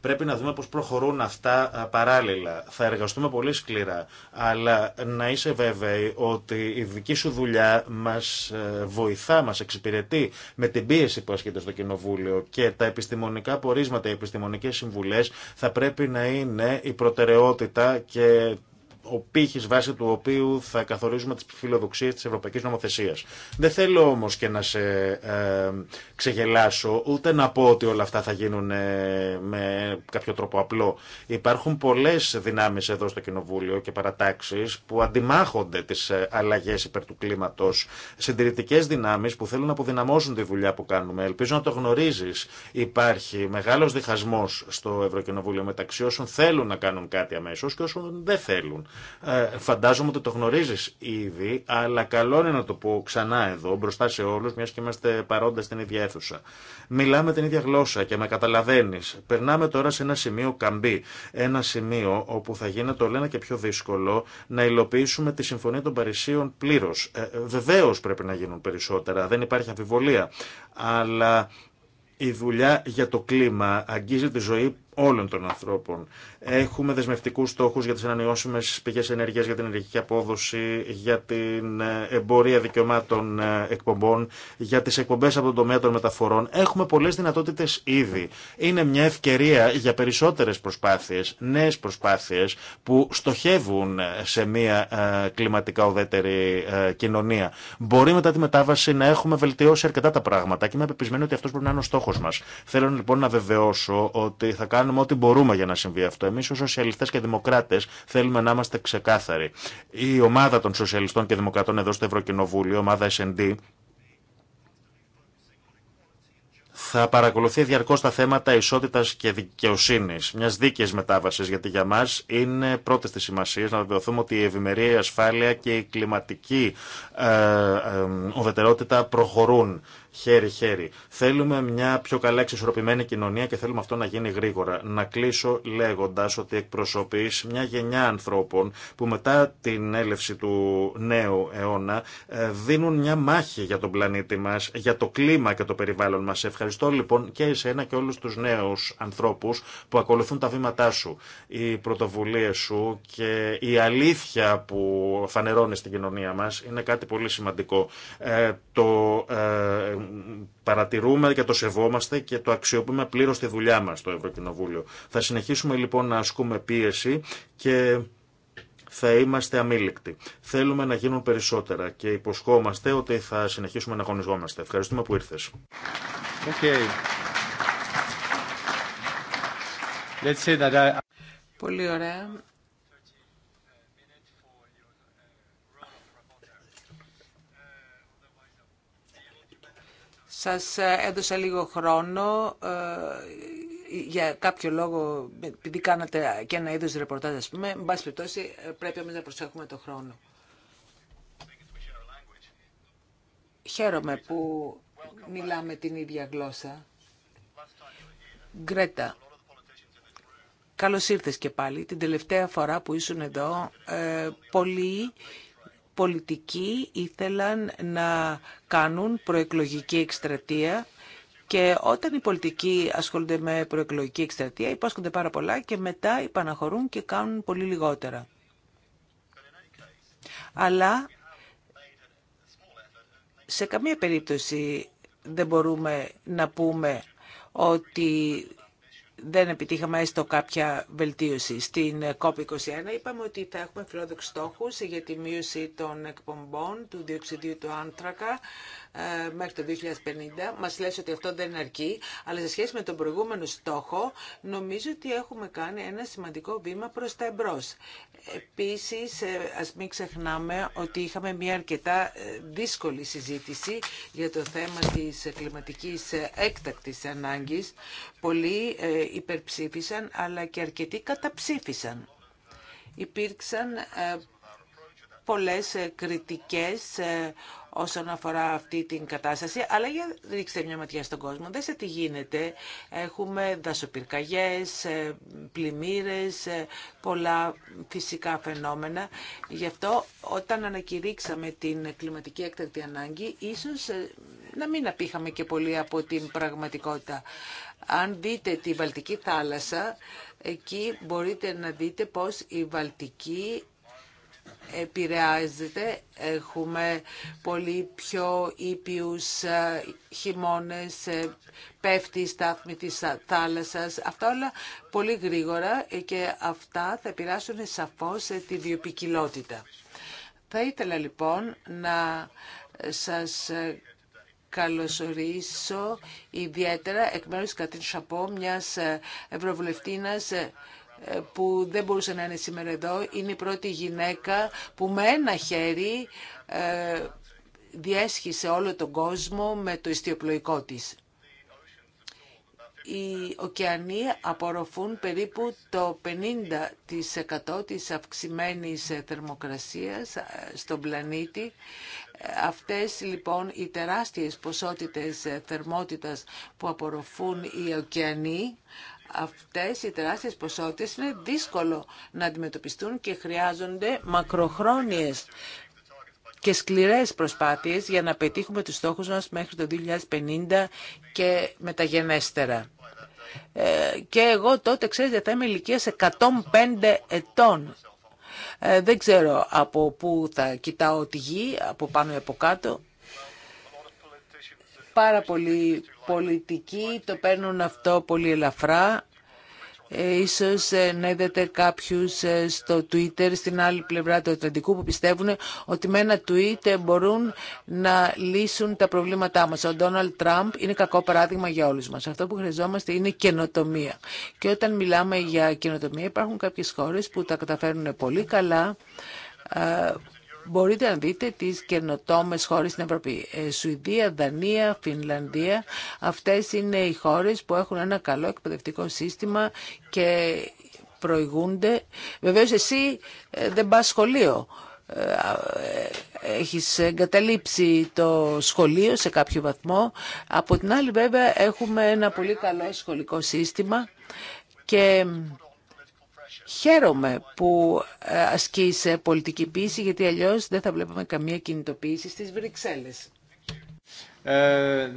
Πρέπει να δούμε πώς προχωρούν αυτά παράλληλα. Θα εργαστούμε πολύ σκληρά, αλλά να είσαι βέβαιη ότι η δική σου δουλειά μας ε, βοηθά, μας εξυπηρετεί με την πίεση που ασκείται στο Κοινοβούλιο και τα επιστημονικά πορίσματα, οι επιστημονικές συμβουλές θα πρέπει να είναι η προτεραιότητα και ο πύχη βάσει του οποίου θα καθορίζουμε τι φιλοδοξίε τη Ευρωπαϊκή Νομοθεσία. Δεν θέλω όμω και να σε ε, ξεγελάσω, ούτε να πω ότι όλα αυτά θα γίνουν ε, με κάποιο τρόπο απλό. Υπάρχουν πολλέ δυνάμει εδώ στο Κοινοβούλιο και παρατάξει που αντιμάχονται τι ε, αλλαγέ υπέρ του κλίματος. Συντηρητικέ δυνάμεις που θέλουν να αποδυναμώσουν τη δουλειά που κάνουμε. Ελπίζω να το γνωρίζει. Υπάρχει μεγάλο διχασμός στο Ευρωκοινοβούλιο μεταξύ όσων θέλουν να κάνουν κάτι αμέσω και όσων δεν θέλουν. Ε, φαντάζομαι ότι το γνωρίζεις ήδη, αλλά καλό είναι να το πω ξανά εδώ, μπροστά σε όλους, μιας και είμαστε παρόντες στην ίδια αίθουσα. Μιλάμε την ίδια γλώσσα και με καταλαβαίνεις. Περνάμε τώρα σε ένα σημείο καμπή, ένα σημείο όπου θα γίνεται το ένα και πιο δύσκολο να υλοποιήσουμε τη Συμφωνία των Παρισίων πλήρως. Ε, πρέπει να γίνουν περισσότερα, δεν υπάρχει αμφιβολία, αλλά η δουλειά για το κλίμα αγγίζει τη ζωή όλων των ανθρώπων. Έχουμε δεσμευτικού στόχου για τι ανανεώσιμε πηγέ ενέργεια, για την ενεργειακή απόδοση, για την ε, εμπορία δικαιωμάτων ε, εκπομπών, για τι εκπομπέ από τον τομέα των μεταφορών. Έχουμε πολλέ δυνατότητε ήδη. Είναι μια ευκαιρία για περισσότερε προσπάθειε, νέε προσπάθειε που στοχεύουν σε μια ε, κλιματικά ουδέτερη κοινωνία. Μπορεί μετά τη μετάβαση να έχουμε βελτιώσει αρκετά τα πράγματα και είμαι πεπισμένη ότι αυτό πρέπει να είναι ο στόχο μα. Θέλω λοιπόν να βεβαιώσω ότι θα κάνουμε ό,τι μπορούμε για να συμβεί αυτό. Εμεί ω σοσιαλιστέ και δημοκράτε θέλουμε να είμαστε ξεκάθαροι. Η ομάδα των σοσιαλιστών και δημοκρατών εδώ στο Ευρωκοινοβούλιο, η ομάδα SND, θα παρακολουθεί διαρκώ τα θέματα ισότητα και δικαιοσύνη, μια δίκαιη μετάβαση, γιατί για μα είναι πρώτε τη σημασία να βεβαιωθούμε ότι η ευημερία, η ασφάλεια και η κλιματική ε, ε προχωρούν χέρι-χέρι. Θέλουμε μια πιο καλά εξισορροπημένη κοινωνία και θέλουμε αυτό να γίνει γρήγορα. Να κλείσω λέγοντα ότι εκπροσωπεί μια γενιά ανθρώπων που μετά την έλευση του νέου αιώνα ε, δίνουν μια μάχη για τον πλανήτη μα, για το κλίμα και το περιβάλλον μα. Ευχαριστώ λοιπόν και εσένα και όλου του νέου ανθρώπου που ακολουθούν τα βήματά σου. Οι πρωτοβουλίε σου και η αλήθεια που φανερώνει στην κοινωνία μα είναι κάτι πολύ σημαντικό. Ε, το ε, παρατηρούμε και το σεβόμαστε και το αξιοποιούμε πλήρως τη δουλειά μας στο Ευρωκοινοβούλιο. Θα συνεχίσουμε λοιπόν να ασκούμε πίεση και θα είμαστε αμήλικτοι. Θέλουμε να γίνουν περισσότερα και υποσχόμαστε ότι θα συνεχίσουμε να αγωνιζόμαστε. Ευχαριστούμε που ήρθες. Okay. Let's say that Πολύ ωραία. Σας ε, έδωσα λίγο χρόνο ε, για κάποιο λόγο, επειδή κάνατε και ένα είδος ρεπορτάζ, ας πούμε, Με πάση περιπτώσει, ε, πρέπει να προσέχουμε το χρόνο. Χαίρομαι που μιλάμε την ίδια γλώσσα. Γκρέτα, καλώς ήρθες και πάλι. Την τελευταία φορά που ήσουν εδώ, πολλοί πολιτικοί ήθελαν να κάνουν προεκλογική εκστρατεία και όταν οι πολιτικοί ασχολούνται με προεκλογική εκστρατεία υπάσχονται πάρα πολλά και μετά υπαναχωρούν και κάνουν πολύ λιγότερα. Αλλά σε καμία περίπτωση δεν μπορούμε να πούμε ότι δεν επιτύχαμε έστω κάποια βελτίωση. Στην COP21 είπαμε ότι θα έχουμε φιλόδοξους στόχους για τη μείωση των εκπομπών του διοξιδίου του άνθρακα ε, μέχρι το 2050. Μας λες ότι αυτό δεν αρκεί, αλλά σε σχέση με τον προηγούμενο στόχο, νομίζω ότι έχουμε κάνει ένα σημαντικό βήμα προς τα εμπρός. Επίσης, ε, ας μην ξεχνάμε ότι είχαμε μια αρκετά ε, δύσκολη συζήτηση για το θέμα της κλιματικής έκτακτης ανάγκης. Πολλοί υπερψήφισαν, αλλά και αρκετοί καταψήφισαν. Υπήρξαν πολλές κριτικές όσον αφορά αυτή την κατάσταση. Αλλά για ρίξτε μια ματιά στον κόσμο. Δεν σε τι γίνεται. Έχουμε δασοπυρκαγιές, ε, πλημμύρες, ε, πολλά φυσικά φαινόμενα. Γι' αυτό όταν ανακηρύξαμε την κλιματική έκτακτη ανάγκη, ίσως ε, να μην απήχαμε και πολύ από την πραγματικότητα. Αν δείτε τη Βαλτική θάλασσα, εκεί μπορείτε να δείτε πως η Βαλτική επηρεάζεται. Έχουμε πολύ πιο ήπιους ε, χειμώνες, ε, πέφτει η στάθμη της θάλασσας. Αυτά όλα πολύ γρήγορα ε, και αυτά θα επηρεάσουν σαφώς τη βιοπικιλότητα. Θα ήθελα λοιπόν να σας καλωσορίσω ιδιαίτερα εκ μέρους Κατρίν Σαπό, μιας ευρωβουλευτήνας ε, που δεν μπορούσε να είναι σήμερα εδώ. Είναι η πρώτη γυναίκα που με ένα χέρι ε, διέσχισε όλο τον κόσμο με το ιστιοπλοϊκό της. Οι ωκεανοί απορροφούν περίπου το 50% της αυξημένης ε, θερμοκρασίας στον πλανήτη. Αυτές λοιπόν οι τεράστιες ποσότητες θερμότητας που απορροφούν οι ωκεανοί Αυτές οι τεράστιες ποσότητες είναι δύσκολο να αντιμετωπιστούν και χρειάζονται μακροχρόνιες και σκληρές προσπάθειες για να πετύχουμε τους στόχους μας μέχρι το 2050 και μεταγενέστερα. Ε, και εγώ τότε, ξέρετε, θα είμαι ηλικία 105 ετών. Ε, δεν ξέρω από πού θα κοιτάω τη γη, από πάνω ή από κάτω πάρα πολύ πολιτικοί το παίρνουν αυτό πολύ ελαφρά. Ε, ίσως ε, να είδατε κάποιους ε, στο Twitter στην άλλη πλευρά του Ατλαντικού που πιστεύουν ότι με ένα tweet μπορούν να λύσουν τα προβλήματά μας. Ο Ντόναλτ Τραμπ είναι κακό παράδειγμα για όλους μας. Αυτό που χρειαζόμαστε είναι καινοτομία. Και όταν μιλάμε για καινοτομία υπάρχουν κάποιες χώρες που τα καταφέρνουν πολύ καλά μπορείτε να δείτε τις καινοτόμες χώρες στην Ευρωπή. Ε, Σουηδία, Δανία, Φινλανδία, αυτές είναι οι χώρες που έχουν ένα καλό εκπαιδευτικό σύστημα και προηγούνται. Βεβαίως εσύ ε, δεν πας σχολείο ε, έχεις εγκαταλείψει το σχολείο σε κάποιο βαθμό. Από την άλλη βέβαια έχουμε ένα πολύ καλό σχολικό σύστημα και Χαίρομαι που ε, ασκεί πολιτική πίεση, γιατί αλλιώς δεν θα βλέπαμε καμία κινητοποίηση στις Βρυξέλλες. Ε,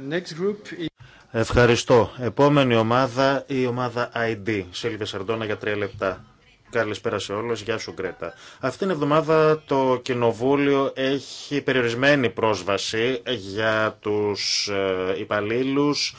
Ευχαριστώ. Επόμενη ομάδα, η ομάδα ID. Σέλβια Σαρντόνα για τρία λεπτά. Καλησπέρα σε όλους. Γεια σου Γκρέτα. Αυτήν την εβδομάδα το Κοινοβούλιο έχει περιορισμένη πρόσβαση για τους ε, υπαλλήλους,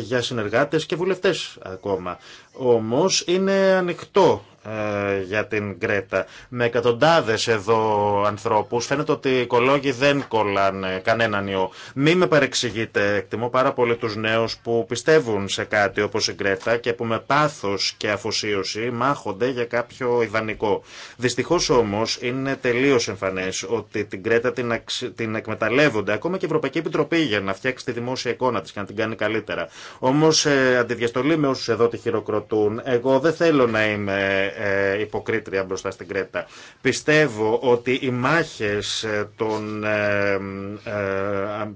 για συνεργάτες και βουλευτές ακόμα. Όμως είναι ανοιχτό ε, για την Κρέτα. Με εκατοντάδε εδώ ανθρώπου φαίνεται ότι οι οικολόγοι δεν κολλάνε κανέναν ιό. Μην με παρεξηγείτε, εκτιμώ πάρα πολύ του νέου που πιστεύουν σε κάτι όπω η Κρέτα και που με πάθο και αφοσίωση μάχονται για κάποιο ιδανικό. Δυστυχώ όμω είναι τελείω εμφανέ ότι την Κρέτα την, την εκμεταλλεύονται ακόμα και η Ευρωπαϊκή Επιτροπή για να φτιάξει τη δημόσια εικόνα τη και να την κάνει καλύτερα. Όμω, ε, αντιδιαστολή με όσου εδώ τη χειροκροτούν, εγώ δεν θέλω να είμαι ε, υποκρίτρια μπροστά στην Κρέτα. Πιστεύω ότι οι μάχες των ε, ε,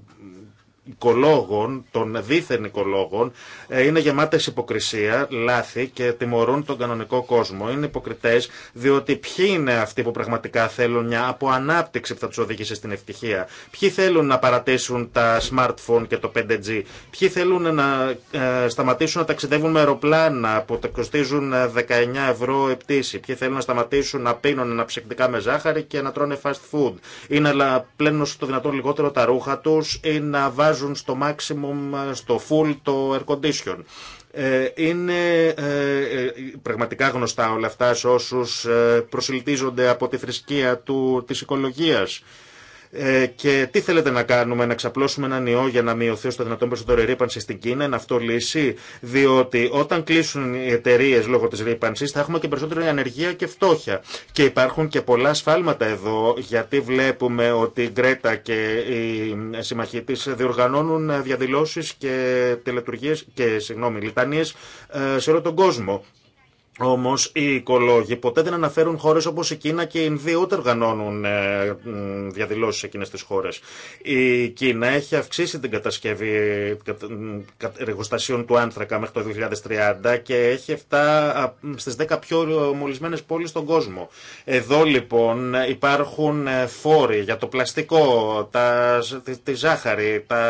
οικολόγων, των δίθεν οικολόγων, ε, είναι γεμάτε υποκρισία, λάθη και τιμωρούν τον κανονικό κόσμο. Είναι υποκριτέ, διότι ποιοι είναι αυτοί που πραγματικά θέλουν μια αποανάπτυξη που θα του οδηγήσει στην ευτυχία. Ποιοι θέλουν να παρατήσουν τα smartphone και το 5G. Ποιοι θέλουν να ε, σταματήσουν να ταξιδεύουν με αεροπλάνα που τα κοστίζουν 19 ε, ευρώ η πτήση. Ποιοι θέλουν να σταματήσουν να πίνουν αναψυκτικά με ζάχαρη και να τρώνε fast food. Ή να πλένουν στο δυνατόν λιγότερο τα ρούχα του ή να βάζουν βάζουν στο maximum, στο full το air condition. Ε, είναι ε, ε, πραγματικά γνωστά όλα αυτά σε όσους προσελτίζονται από τη θρησκεία του, της οικολογίας ε, και τι θέλετε να κάνουμε, να ξαπλώσουμε έναν ιό για να μειωθεί ω το δυνατόν περισσότερο η ρήπανση στην Κίνα, είναι αυτό λύση. Διότι όταν κλείσουν οι εταιρείε λόγω τη ρήπανση θα έχουμε και περισσότερη ανεργία και φτώχεια. Και υπάρχουν και πολλά σφάλματα εδώ, γιατί βλέπουμε ότι η Γκρέτα και οι συμμαχοί τη διοργανώνουν διαδηλώσει και τελετουργίε και συγγνώμη, λιτανίε ε, σε όλο τον κόσμο. Όμω οι οικολόγοι ποτέ δεν αναφέρουν χώρε όπω η Κίνα και η Ινδία, ούτε οργανώνουν ε, διαδηλώσει σε εκείνε τι χώρε. Η Κίνα έχει αυξήσει την κατασκευή εργοστασίων του άνθρακα μέχρι το 2030 και έχει 7 στι 10 πιο μολυσμένε πόλει στον κόσμο. Εδώ λοιπόν υπάρχουν ε, φόροι για το πλαστικό, τα, τη, ζάχαρη, τα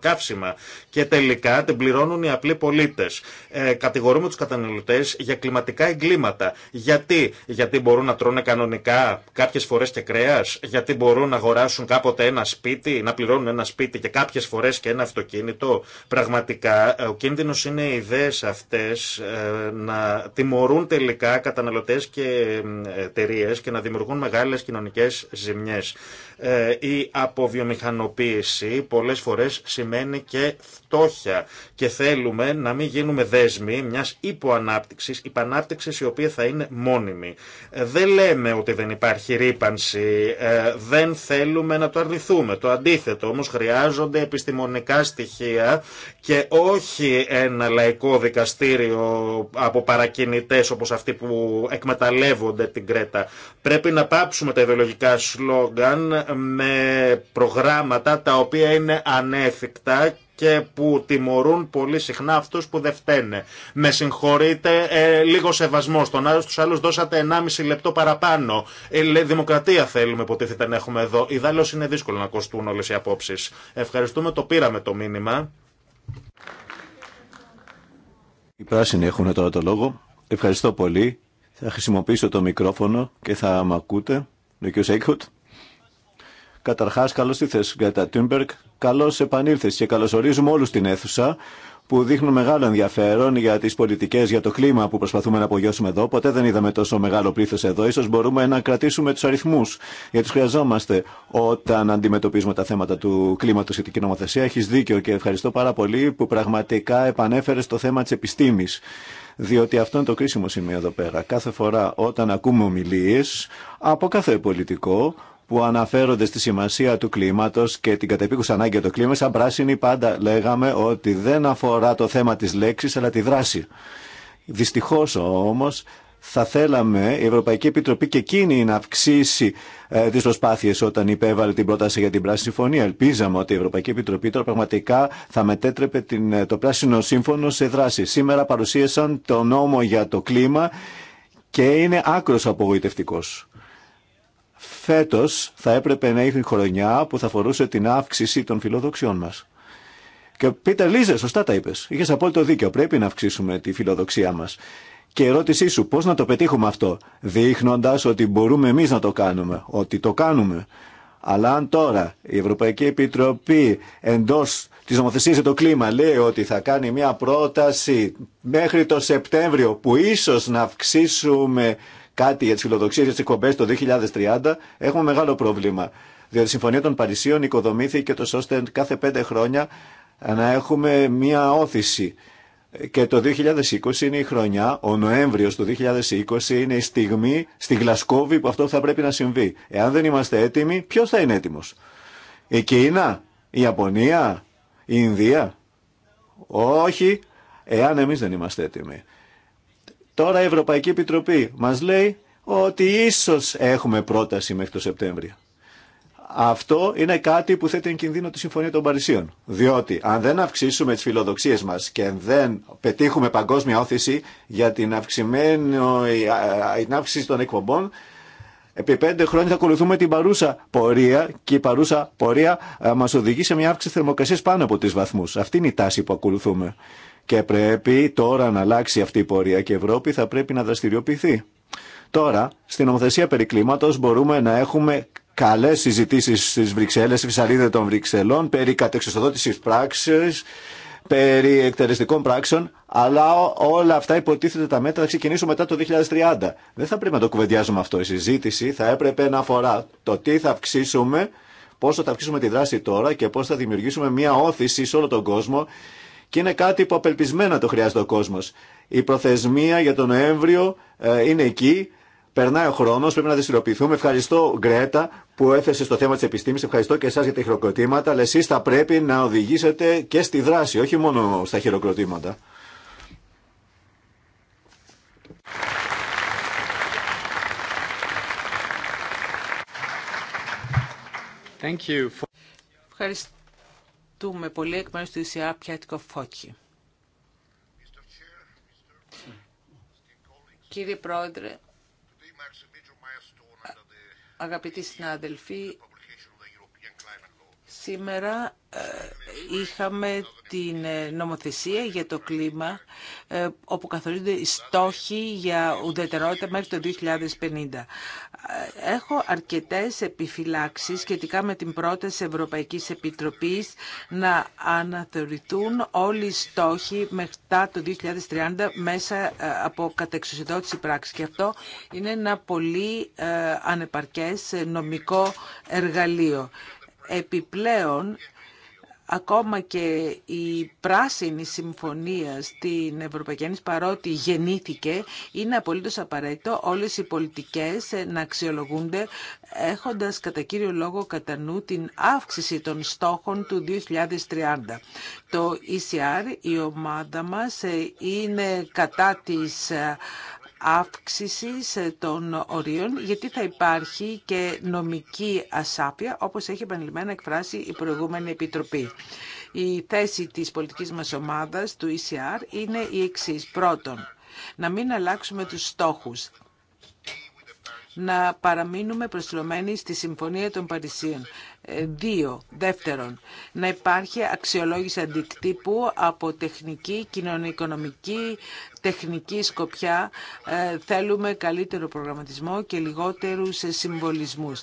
καύσιμα και τελικά την πληρώνουν οι απλοί πολίτε. Ε, κατηγορούμε του καταναλωτέ για κλιματική εγκλήματα. Γιατί, γιατί μπορούν να τρώνε κανονικά κάποιες φορές και κρέα, γιατί μπορούν να αγοράσουν κάποτε ένα σπίτι, να πληρώνουν ένα σπίτι και κάποιες φορές και ένα αυτοκίνητο. Πραγματικά ε, ο κίνδυνο είναι οι ιδέες αυτές ε, να τιμωρούν τελικά καταναλωτές και ε, εταιρείε και να δημιουργούν μεγάλες κοινωνικές ζημιέ. Ε, η αποβιομηχανοποίηση πολλές φορές σημαίνει και φτώχεια και θέλουμε να μην γίνουμε δέσμοι μιας υποανάπτυξης, υπανάπτυξης η οποία θα είναι μόνιμη. Ε, δεν λέμε ότι δεν υπάρχει ρήπανση, ε, δεν θέλουμε να το αρνηθούμε. Το αντίθετο όμως χρειάζονται επιστημονικά στοιχεία και όχι ένα λαϊκό δικαστήριο από παρακινητές όπως αυτοί που εκμεταλλεύονται την Κρέτα. Πρέπει να πάψουμε τα ιδεολογικά σλόγγαν με προγράμματα τα οποία είναι ανέφικτα και που τιμωρούν πολύ συχνά αυτούς που δεν φταίνε. Με συγχωρείτε, ε, λίγο σεβασμό στον άλλο, στους άλλους δώσατε 1,5 λεπτό παραπάνω. Ε, δημοκρατία θέλουμε, υποτίθεται να έχουμε εδώ. Ιδάλλως είναι δύσκολο να κοστούν όλες οι απόψεις. Ευχαριστούμε, το πήραμε το μήνυμα. Οι πράσινοι έχουν τώρα το λόγο. Ευχαριστώ πολύ. Θα χρησιμοποιήσω το μικρόφωνο και θα μ' ακούτε. κ. Έκχοτ. Καταρχά, καλώ ήρθε, Γκέτα Τούμπερκ. Καλώ επανήλθε και καλωσορίζουμε όλου την αίθουσα που δείχνουν μεγάλο ενδιαφέρον για τι πολιτικέ, για το κλίμα που προσπαθούμε να απογειώσουμε εδώ. Ποτέ δεν είδαμε τόσο μεγάλο πλήθο εδώ. σω μπορούμε να κρατήσουμε του αριθμού, γιατί του χρειαζόμαστε όταν αντιμετωπίζουμε τα θέματα του κλίματο και την κοινομοθεσία. Έχει δίκιο και ευχαριστώ πάρα πολύ που πραγματικά επανέφερε το θέμα τη επιστήμη. Διότι αυτό είναι το κρίσιμο σημείο εδώ πέρα. Κάθε φορά όταν ακούμε ομιλίε από κάθε πολιτικό, που αναφέρονται στη σημασία του κλίματο και την κατεπίκουσα ανάγκη για το κλίμα. Σαν πράσινη πάντα λέγαμε ότι δεν αφορά το θέμα τη λέξη, αλλά τη δράση. Δυστυχώ όμω, θα θέλαμε η Ευρωπαϊκή Επιτροπή και εκείνη να αυξήσει ε, τις προσπάθειες όταν υπέβαλε την πρόταση για την Πράσινη Συμφωνία. Ελπίζαμε ότι η Ευρωπαϊκή Επιτροπή τώρα πραγματικά θα μετέτρεπε την, ε, το Πράσινο Σύμφωνο σε δράση. Σήμερα παρουσίασαν το νόμο για το κλίμα και είναι άκρος απογοητευτικός φέτος θα έπρεπε να είχε χρονιά που θα φορούσε την αύξηση των φιλοδοξιών μας. Και Πίτερ Λίζε, σωστά τα είπες. Είχες απόλυτο δίκιο. Πρέπει να αυξήσουμε τη φιλοδοξία μας. Και η ερώτησή σου, πώς να το πετύχουμε αυτό, δείχνοντα ότι μπορούμε εμείς να το κάνουμε, ότι το κάνουμε. Αλλά αν τώρα η Ευρωπαϊκή Επιτροπή εντός της νομοθεσίας για το κλίμα λέει ότι θα κάνει μια πρόταση μέχρι το Σεπτέμβριο που ίσως να αυξήσουμε κάτι για τι φιλοδοξίε για τι εκπομπέ το 2030, έχουμε μεγάλο πρόβλημα. Διότι η Συμφωνία των Παρισίων οικοδομήθηκε τόσο ώστε κάθε πέντε χρόνια να έχουμε μία όθηση. Και το 2020 είναι η χρονιά, ο Νοέμβριο του 2020 είναι η στιγμή στη Γλασκόβη που αυτό θα πρέπει να συμβεί. Εάν δεν είμαστε έτοιμοι, ποιο θα είναι έτοιμο. Η Κίνα, η Ιαπωνία, η Ινδία. Όχι, εάν εμεί δεν είμαστε έτοιμοι. Τώρα η Ευρωπαϊκή Επιτροπή μας λέει ότι ίσως έχουμε πρόταση μέχρι το Σεπτέμβριο. Αυτό είναι κάτι που θέτει εν κινδύνο τη Συμφωνία των Παρισίων. Διότι αν δεν αυξήσουμε τις φιλοδοξίες μας και δεν πετύχουμε παγκόσμια όθηση για την, την αύξηση των εκπομπών, επί πέντε χρόνια θα ακολουθούμε την παρούσα πορεία και η παρούσα πορεία ε, μας οδηγεί σε μια αύξηση θερμοκρασίας πάνω από τις βαθμούς. Αυτή είναι η τάση που ακολουθούμε. Και πρέπει τώρα να αλλάξει αυτή η πορεία και η Ευρώπη θα πρέπει να δραστηριοποιηθεί. Τώρα, στην νομοθεσία περί κλίματος μπορούμε να έχουμε καλές συζητήσεις στις Βρυξέλλες, στη Φυσαρίδα των Βρυξελών, περί κατεξοδότησης πράξης, περί εκτελεστικών πράξεων, αλλά όλα αυτά υποτίθεται τα μέτρα θα ξεκινήσουν μετά το 2030. Δεν θα πρέπει να το κουβεντιάζουμε αυτό. Η συζήτηση θα έπρεπε να αφορά το τι θα αυξήσουμε, πόσο θα αυξήσουμε τη δράση τώρα και πώς θα δημιουργήσουμε μια όθηση σε όλο τον κόσμο και είναι κάτι που απελπισμένα το χρειάζεται ο κόσμος. Η προθεσμία για τον Νοέμβριο ε, είναι εκεί. Περνάει ο χρόνο, πρέπει να δυστηριοποιηθούμε. Ευχαριστώ, Γκρέτα, που έθεσε στο θέμα τη επιστήμης. Ευχαριστώ και εσά για τα χειροκροτήματα. Αλλά εσεί θα πρέπει να οδηγήσετε και στη δράση, όχι μόνο στα χειροκροτήματα. Thank you Ευχαριστώ το πολύ εκ μέρους του ΙΣΙΑ Πιάτικο Κύριε Πρόεδρε, αγαπητοί συνάδελφοι, σήμερα ε, είχαμε την ε, νομοθεσία για το κλίμα ε, όπου καθορίζονται οι στόχοι για ουδετερότητα μέχρι το 2050. Έχω αρκετές επιφυλάξεις σχετικά με την πρόταση Ευρωπαϊκής Επιτροπής να αναθεωρηθούν όλοι οι στόχοι μετά το 2030 μέσα ε, από κατεξουσιοδότηση πράξη. Και αυτό είναι ένα πολύ ε, ανεπαρκές νομικό εργαλείο. Επιπλέον, Ακόμα και η πράσινη συμφωνία στην Ευρωπαϊκή Ένωση, παρότι γεννήθηκε, είναι απολύτως απαραίτητο όλες οι πολιτικές να αξιολογούνται έχοντας κατά κύριο λόγο κατά νου την αύξηση των στόχων του 2030. Το ECR, η ομάδα μας, ε, είναι κατά της ε, αύξησης ε, των ορίων, γιατί θα υπάρχει και νομική ασάπια, όπως έχει επανειλημμένα εκφράσει η προηγούμενη Επιτροπή. Η θέση της πολιτικής μας ομάδας, του ECR, είναι η εξής. Πρώτον, να μην αλλάξουμε τους στόχους να παραμείνουμε προσιλωμένοι στη Συμφωνία των Παρισίων. Ε, δύο, δεύτερον, να υπάρχει αξιολόγηση αντικτύπου από τεχνική, κοινωνικονομική, τεχνική σκοπιά. Ε, θέλουμε καλύτερο προγραμματισμό και λιγότερους συμβολισμούς.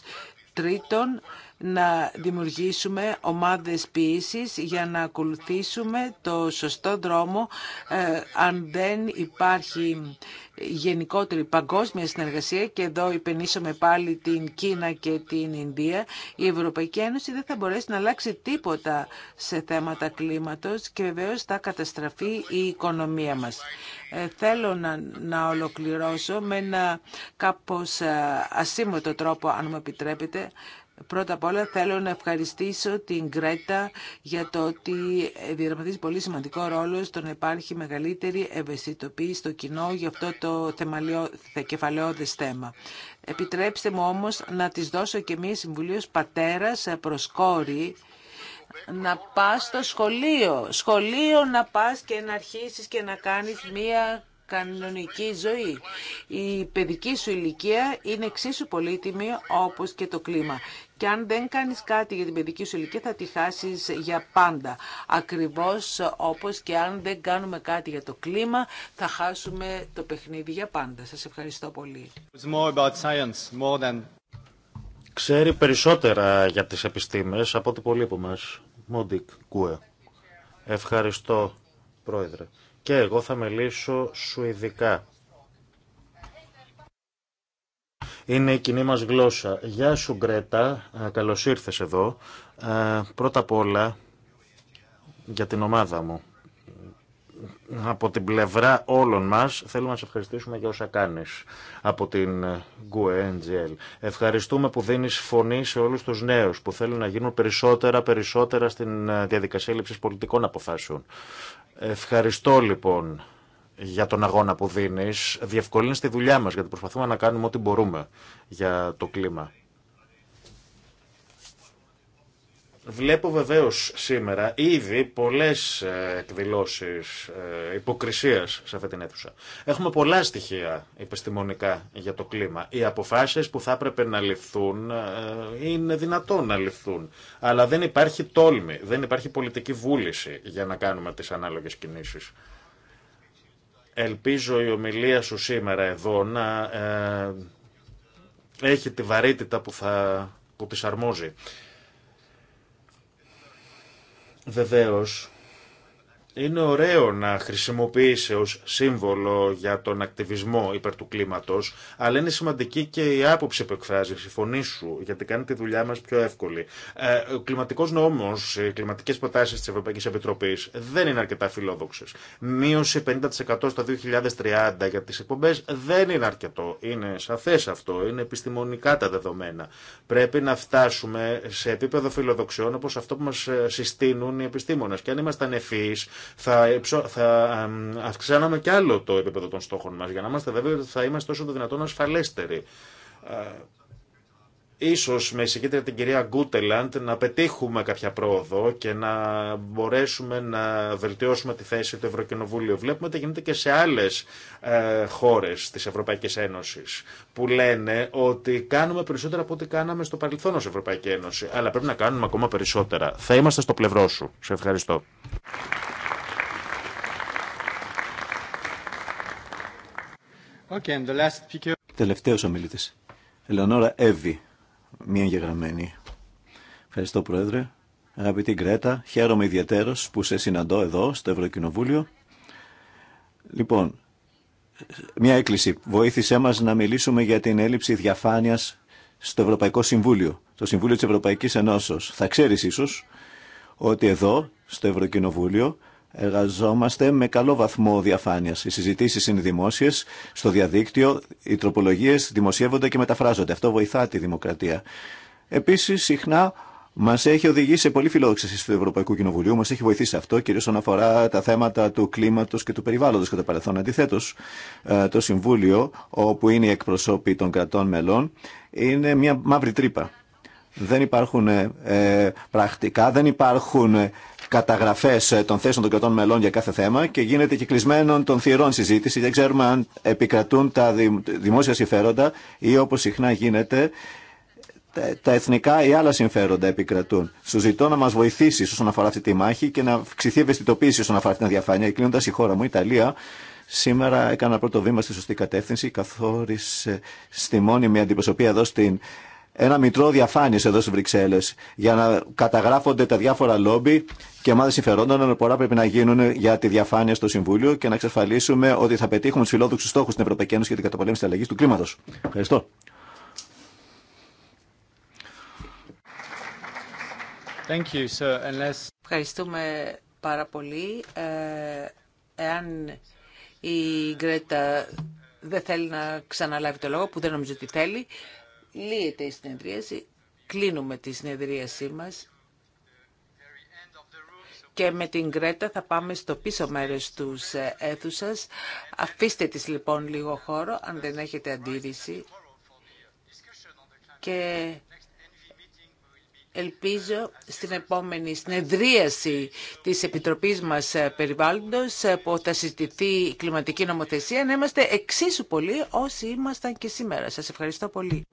Τρίτον, να δημιουργήσουμε ομάδες ποιήσης για να ακολουθήσουμε το σωστό δρόμο ε, αν δεν υπάρχει γενικότερη παγκόσμια συνεργασία και εδώ υπενήσουμε πάλι την Κίνα και την Ινδία, η Ευρωπαϊκή Ένωση δεν θα μπορέσει να αλλάξει τίποτα σε θέματα κλίματος και βεβαίως θα καταστραφεί η οικονομία μας. Ε, θέλω να, να ολοκληρώσω με ένα κάπως ε, ασήμωτο τρόπο, αν μου επιτρέπετε, Πρώτα απ' όλα θέλω να ευχαριστήσω την Κρέτα για το ότι διαδραματίζει πολύ σημαντικό ρόλο στο να υπάρχει μεγαλύτερη ευαισθητοποίηση στο κοινό για αυτό το θεμαλιό, κεφαλαιόδες θέμα. Επιτρέψτε μου όμως να της δώσω και μία συμβουλή ως πατέρας προς κόρη να πας στο σχολείο. Σχολείο να πας και να αρχίσεις και να κάνεις μία κανονική ζωή. Η παιδική σου ηλικία είναι εξίσου πολύτιμη όπως και το κλίμα. Και αν δεν κάνεις κάτι για την παιδική σου ηλικία θα τη χάσεις για πάντα. Ακριβώς όπως και αν δεν κάνουμε κάτι για το κλίμα θα χάσουμε το παιχνίδι για πάντα. Σας ευχαριστώ πολύ. Ξέρει περισσότερα για τις επιστήμες από ό,τι πολλοί από εμάς. Μόντικ Κουέ. Ευχαριστώ, Πρόεδρε και εγώ θα μιλήσω σουηδικά. Είναι η κοινή μας γλώσσα. Γεια σου Γκρέτα, ε, καλώς ήρθες εδώ. Ε, πρώτα απ' όλα για την ομάδα μου. Από την πλευρά όλων μας θέλουμε να σε ευχαριστήσουμε για όσα κάνεις από την gue Ευχαριστούμε που δίνεις φωνή σε όλους τους νέους που θέλουν να γίνουν περισσότερα, περισσότερα στην ε, διαδικασία λήψης πολιτικών αποφάσεων. Ευχαριστώ λοιπόν για τον αγώνα που δίνεις. Διευκολύνεις τη δουλειά μας γιατί προσπαθούμε να κάνουμε ό,τι μπορούμε για το κλίμα. Βλέπω βεβαίως σήμερα ήδη πολλές ε, εκδηλώσεις ε, υποκρισίας σε αυτή την αίθουσα. Έχουμε πολλά στοιχεία επιστημονικά για το κλίμα. Οι αποφάσεις που θα έπρεπε να ληφθούν ε, είναι δυνατόν να ληφθούν. Αλλά δεν υπάρχει τόλμη, δεν υπάρχει πολιτική βούληση για να κάνουμε τις ανάλογες κινήσεις. Ελπίζω η ομιλία σου σήμερα εδώ να έχει τη βαρύτητα που, θα, που της αρμόζει. Βεβαίως, είναι ωραίο να χρησιμοποιήσει ως σύμβολο για τον ακτιβισμό υπέρ του κλίματος, αλλά είναι σημαντική και η άποψη που εκφράζει, η φωνή σου, γιατί κάνει τη δουλειά μας πιο εύκολη. Ε, ο κλιματικός νόμος, οι κλιματικές προτάσεις της Ευρωπαϊκής Επιτροπής δεν είναι αρκετά φιλόδοξες. Μείωση 50% στα 2030 για τις εκπομπές δεν είναι αρκετό. Είναι σαφές αυτό, είναι επιστημονικά τα δεδομένα. Πρέπει να φτάσουμε σε επίπεδο φιλοδοξιών όπως αυτό που μας συστήνουν οι επιστήμονες. Και αν ήμασταν ευφύης, θα, θα αυξάναμε κι άλλο το επίπεδο των στόχων μας για να είμαστε βέβαιοι ότι θα είμαστε όσο το δυνατόν ασφαλέστεροι. Ε, ίσως με συγκέντρια την κυρία Γκούτελαντ να πετύχουμε κάποια πρόοδο και να μπορέσουμε να βελτιώσουμε τη θέση του Ευρωκοινοβούλιο. Βλέπουμε ότι γίνεται και σε άλλες ε, χώρες της Ευρωπαϊκής Ένωσης που λένε ότι κάνουμε περισσότερα από ό,τι κάναμε στο παρελθόν ως Ευρωπαϊκή Ένωση. Αλλά πρέπει να κάνουμε ακόμα περισσότερα. Θα είμαστε στο πλευρό σου. Σε ευχαριστώ. Okay, the Τελευταίος ομιλητής. Ελεονόρα Εύη, μία εγγεγραμμένη. Ευχαριστώ Πρόεδρε. Αγαπητή Γκρέτα, χαίρομαι ιδιαίτερο που σε συναντώ εδώ στο Ευρωκοινοβούλιο. Λοιπόν, μια έκκληση. Βοήθησέ μας να μιλήσουμε για την έλλειψη διαφάνειας στο Ευρωπαϊκό Συμβούλιο, το Συμβούλιο της Ευρωπαϊκής Ενώσεως. Θα ξέρεις ίσως ότι εδώ, στο Ευρωκοινοβούλιο, εργαζόμαστε με καλό βαθμό διαφάνεια. Οι συζητήσει είναι δημόσιε, στο διαδίκτυο, οι τροπολογίε δημοσιεύονται και μεταφράζονται. Αυτό βοηθά τη δημοκρατία. Επίση, συχνά μα έχει οδηγήσει σε πολύ φιλόδοξε του Ευρωπαϊκού Κοινοβουλίου, μα έχει βοηθήσει αυτό, κυρίω όσον αφορά τα θέματα του κλίματο και του περιβάλλοντο κατά παρελθόν. Αντιθέτω, ε, το Συμβούλιο, όπου είναι οι εκπροσώποι των κρατών μελών, είναι μια μαύρη τρύπα δεν υπάρχουν ε, ε, πρακτικά, δεν υπάρχουν καταγραφέ ε, των θέσεων των κρατών μελών για κάθε θέμα και γίνεται κυκλισμένων των θηρών συζήτηση. Δεν ξέρουμε αν επικρατούν τα δημόσια συμφέροντα ή όπω συχνά γίνεται τα εθνικά ή άλλα συμφέροντα επικρατούν. Σου ζητώ να μα βοηθήσει όσον αφορά αυτή τη μάχη και να αυξηθεί η ευαισθητοποίηση όσον αφορά αυτή την διαφάνεια. Κλείνοντα η χώρα μου, η Ιταλία, σήμερα έκανα πρώτο βήμα στη σωστή κατεύθυνση, καθόρισε στη μόνιμη αντιπροσωπεία εδώ στην ένα μητρό διαφάνεια εδώ στι Βρυξέλλε για να καταγράφονται τα διάφορα λόμπι και ομάδε συμφερόντων. αλλά πολλά πρέπει να γίνουν για τη διαφάνεια στο Συμβούλιο και να εξασφαλίσουμε ότι θα πετύχουμε του φιλόδοξου στόχου στην Ευρωπαϊκή Ένωση για την καταπολέμηση τη αλλαγή του κλίματο. Ευχαριστώ. Thank you, sir. Unless... Ευχαριστούμε πάρα πολύ. Ε, εάν η Γκρέτα δεν θέλει να ξαναλάβει το λόγο, που δεν νομίζω ότι θέλει, λύεται η συνεδρίαση, κλείνουμε τη συνεδρίασή μας και με την Κρέτα θα πάμε στο πίσω μέρος του αίθουσα. Αφήστε τις λοιπόν λίγο χώρο, αν δεν έχετε αντίρρηση. Και Ελπίζω στην επόμενη συνεδρίαση της Επιτροπής μας ε, Περιβάλλοντος ε, που θα συζητηθεί η κλιματική νομοθεσία να είμαστε εξίσου πολλοί όσοι ήμασταν και σήμερα. Σας ευχαριστώ πολύ.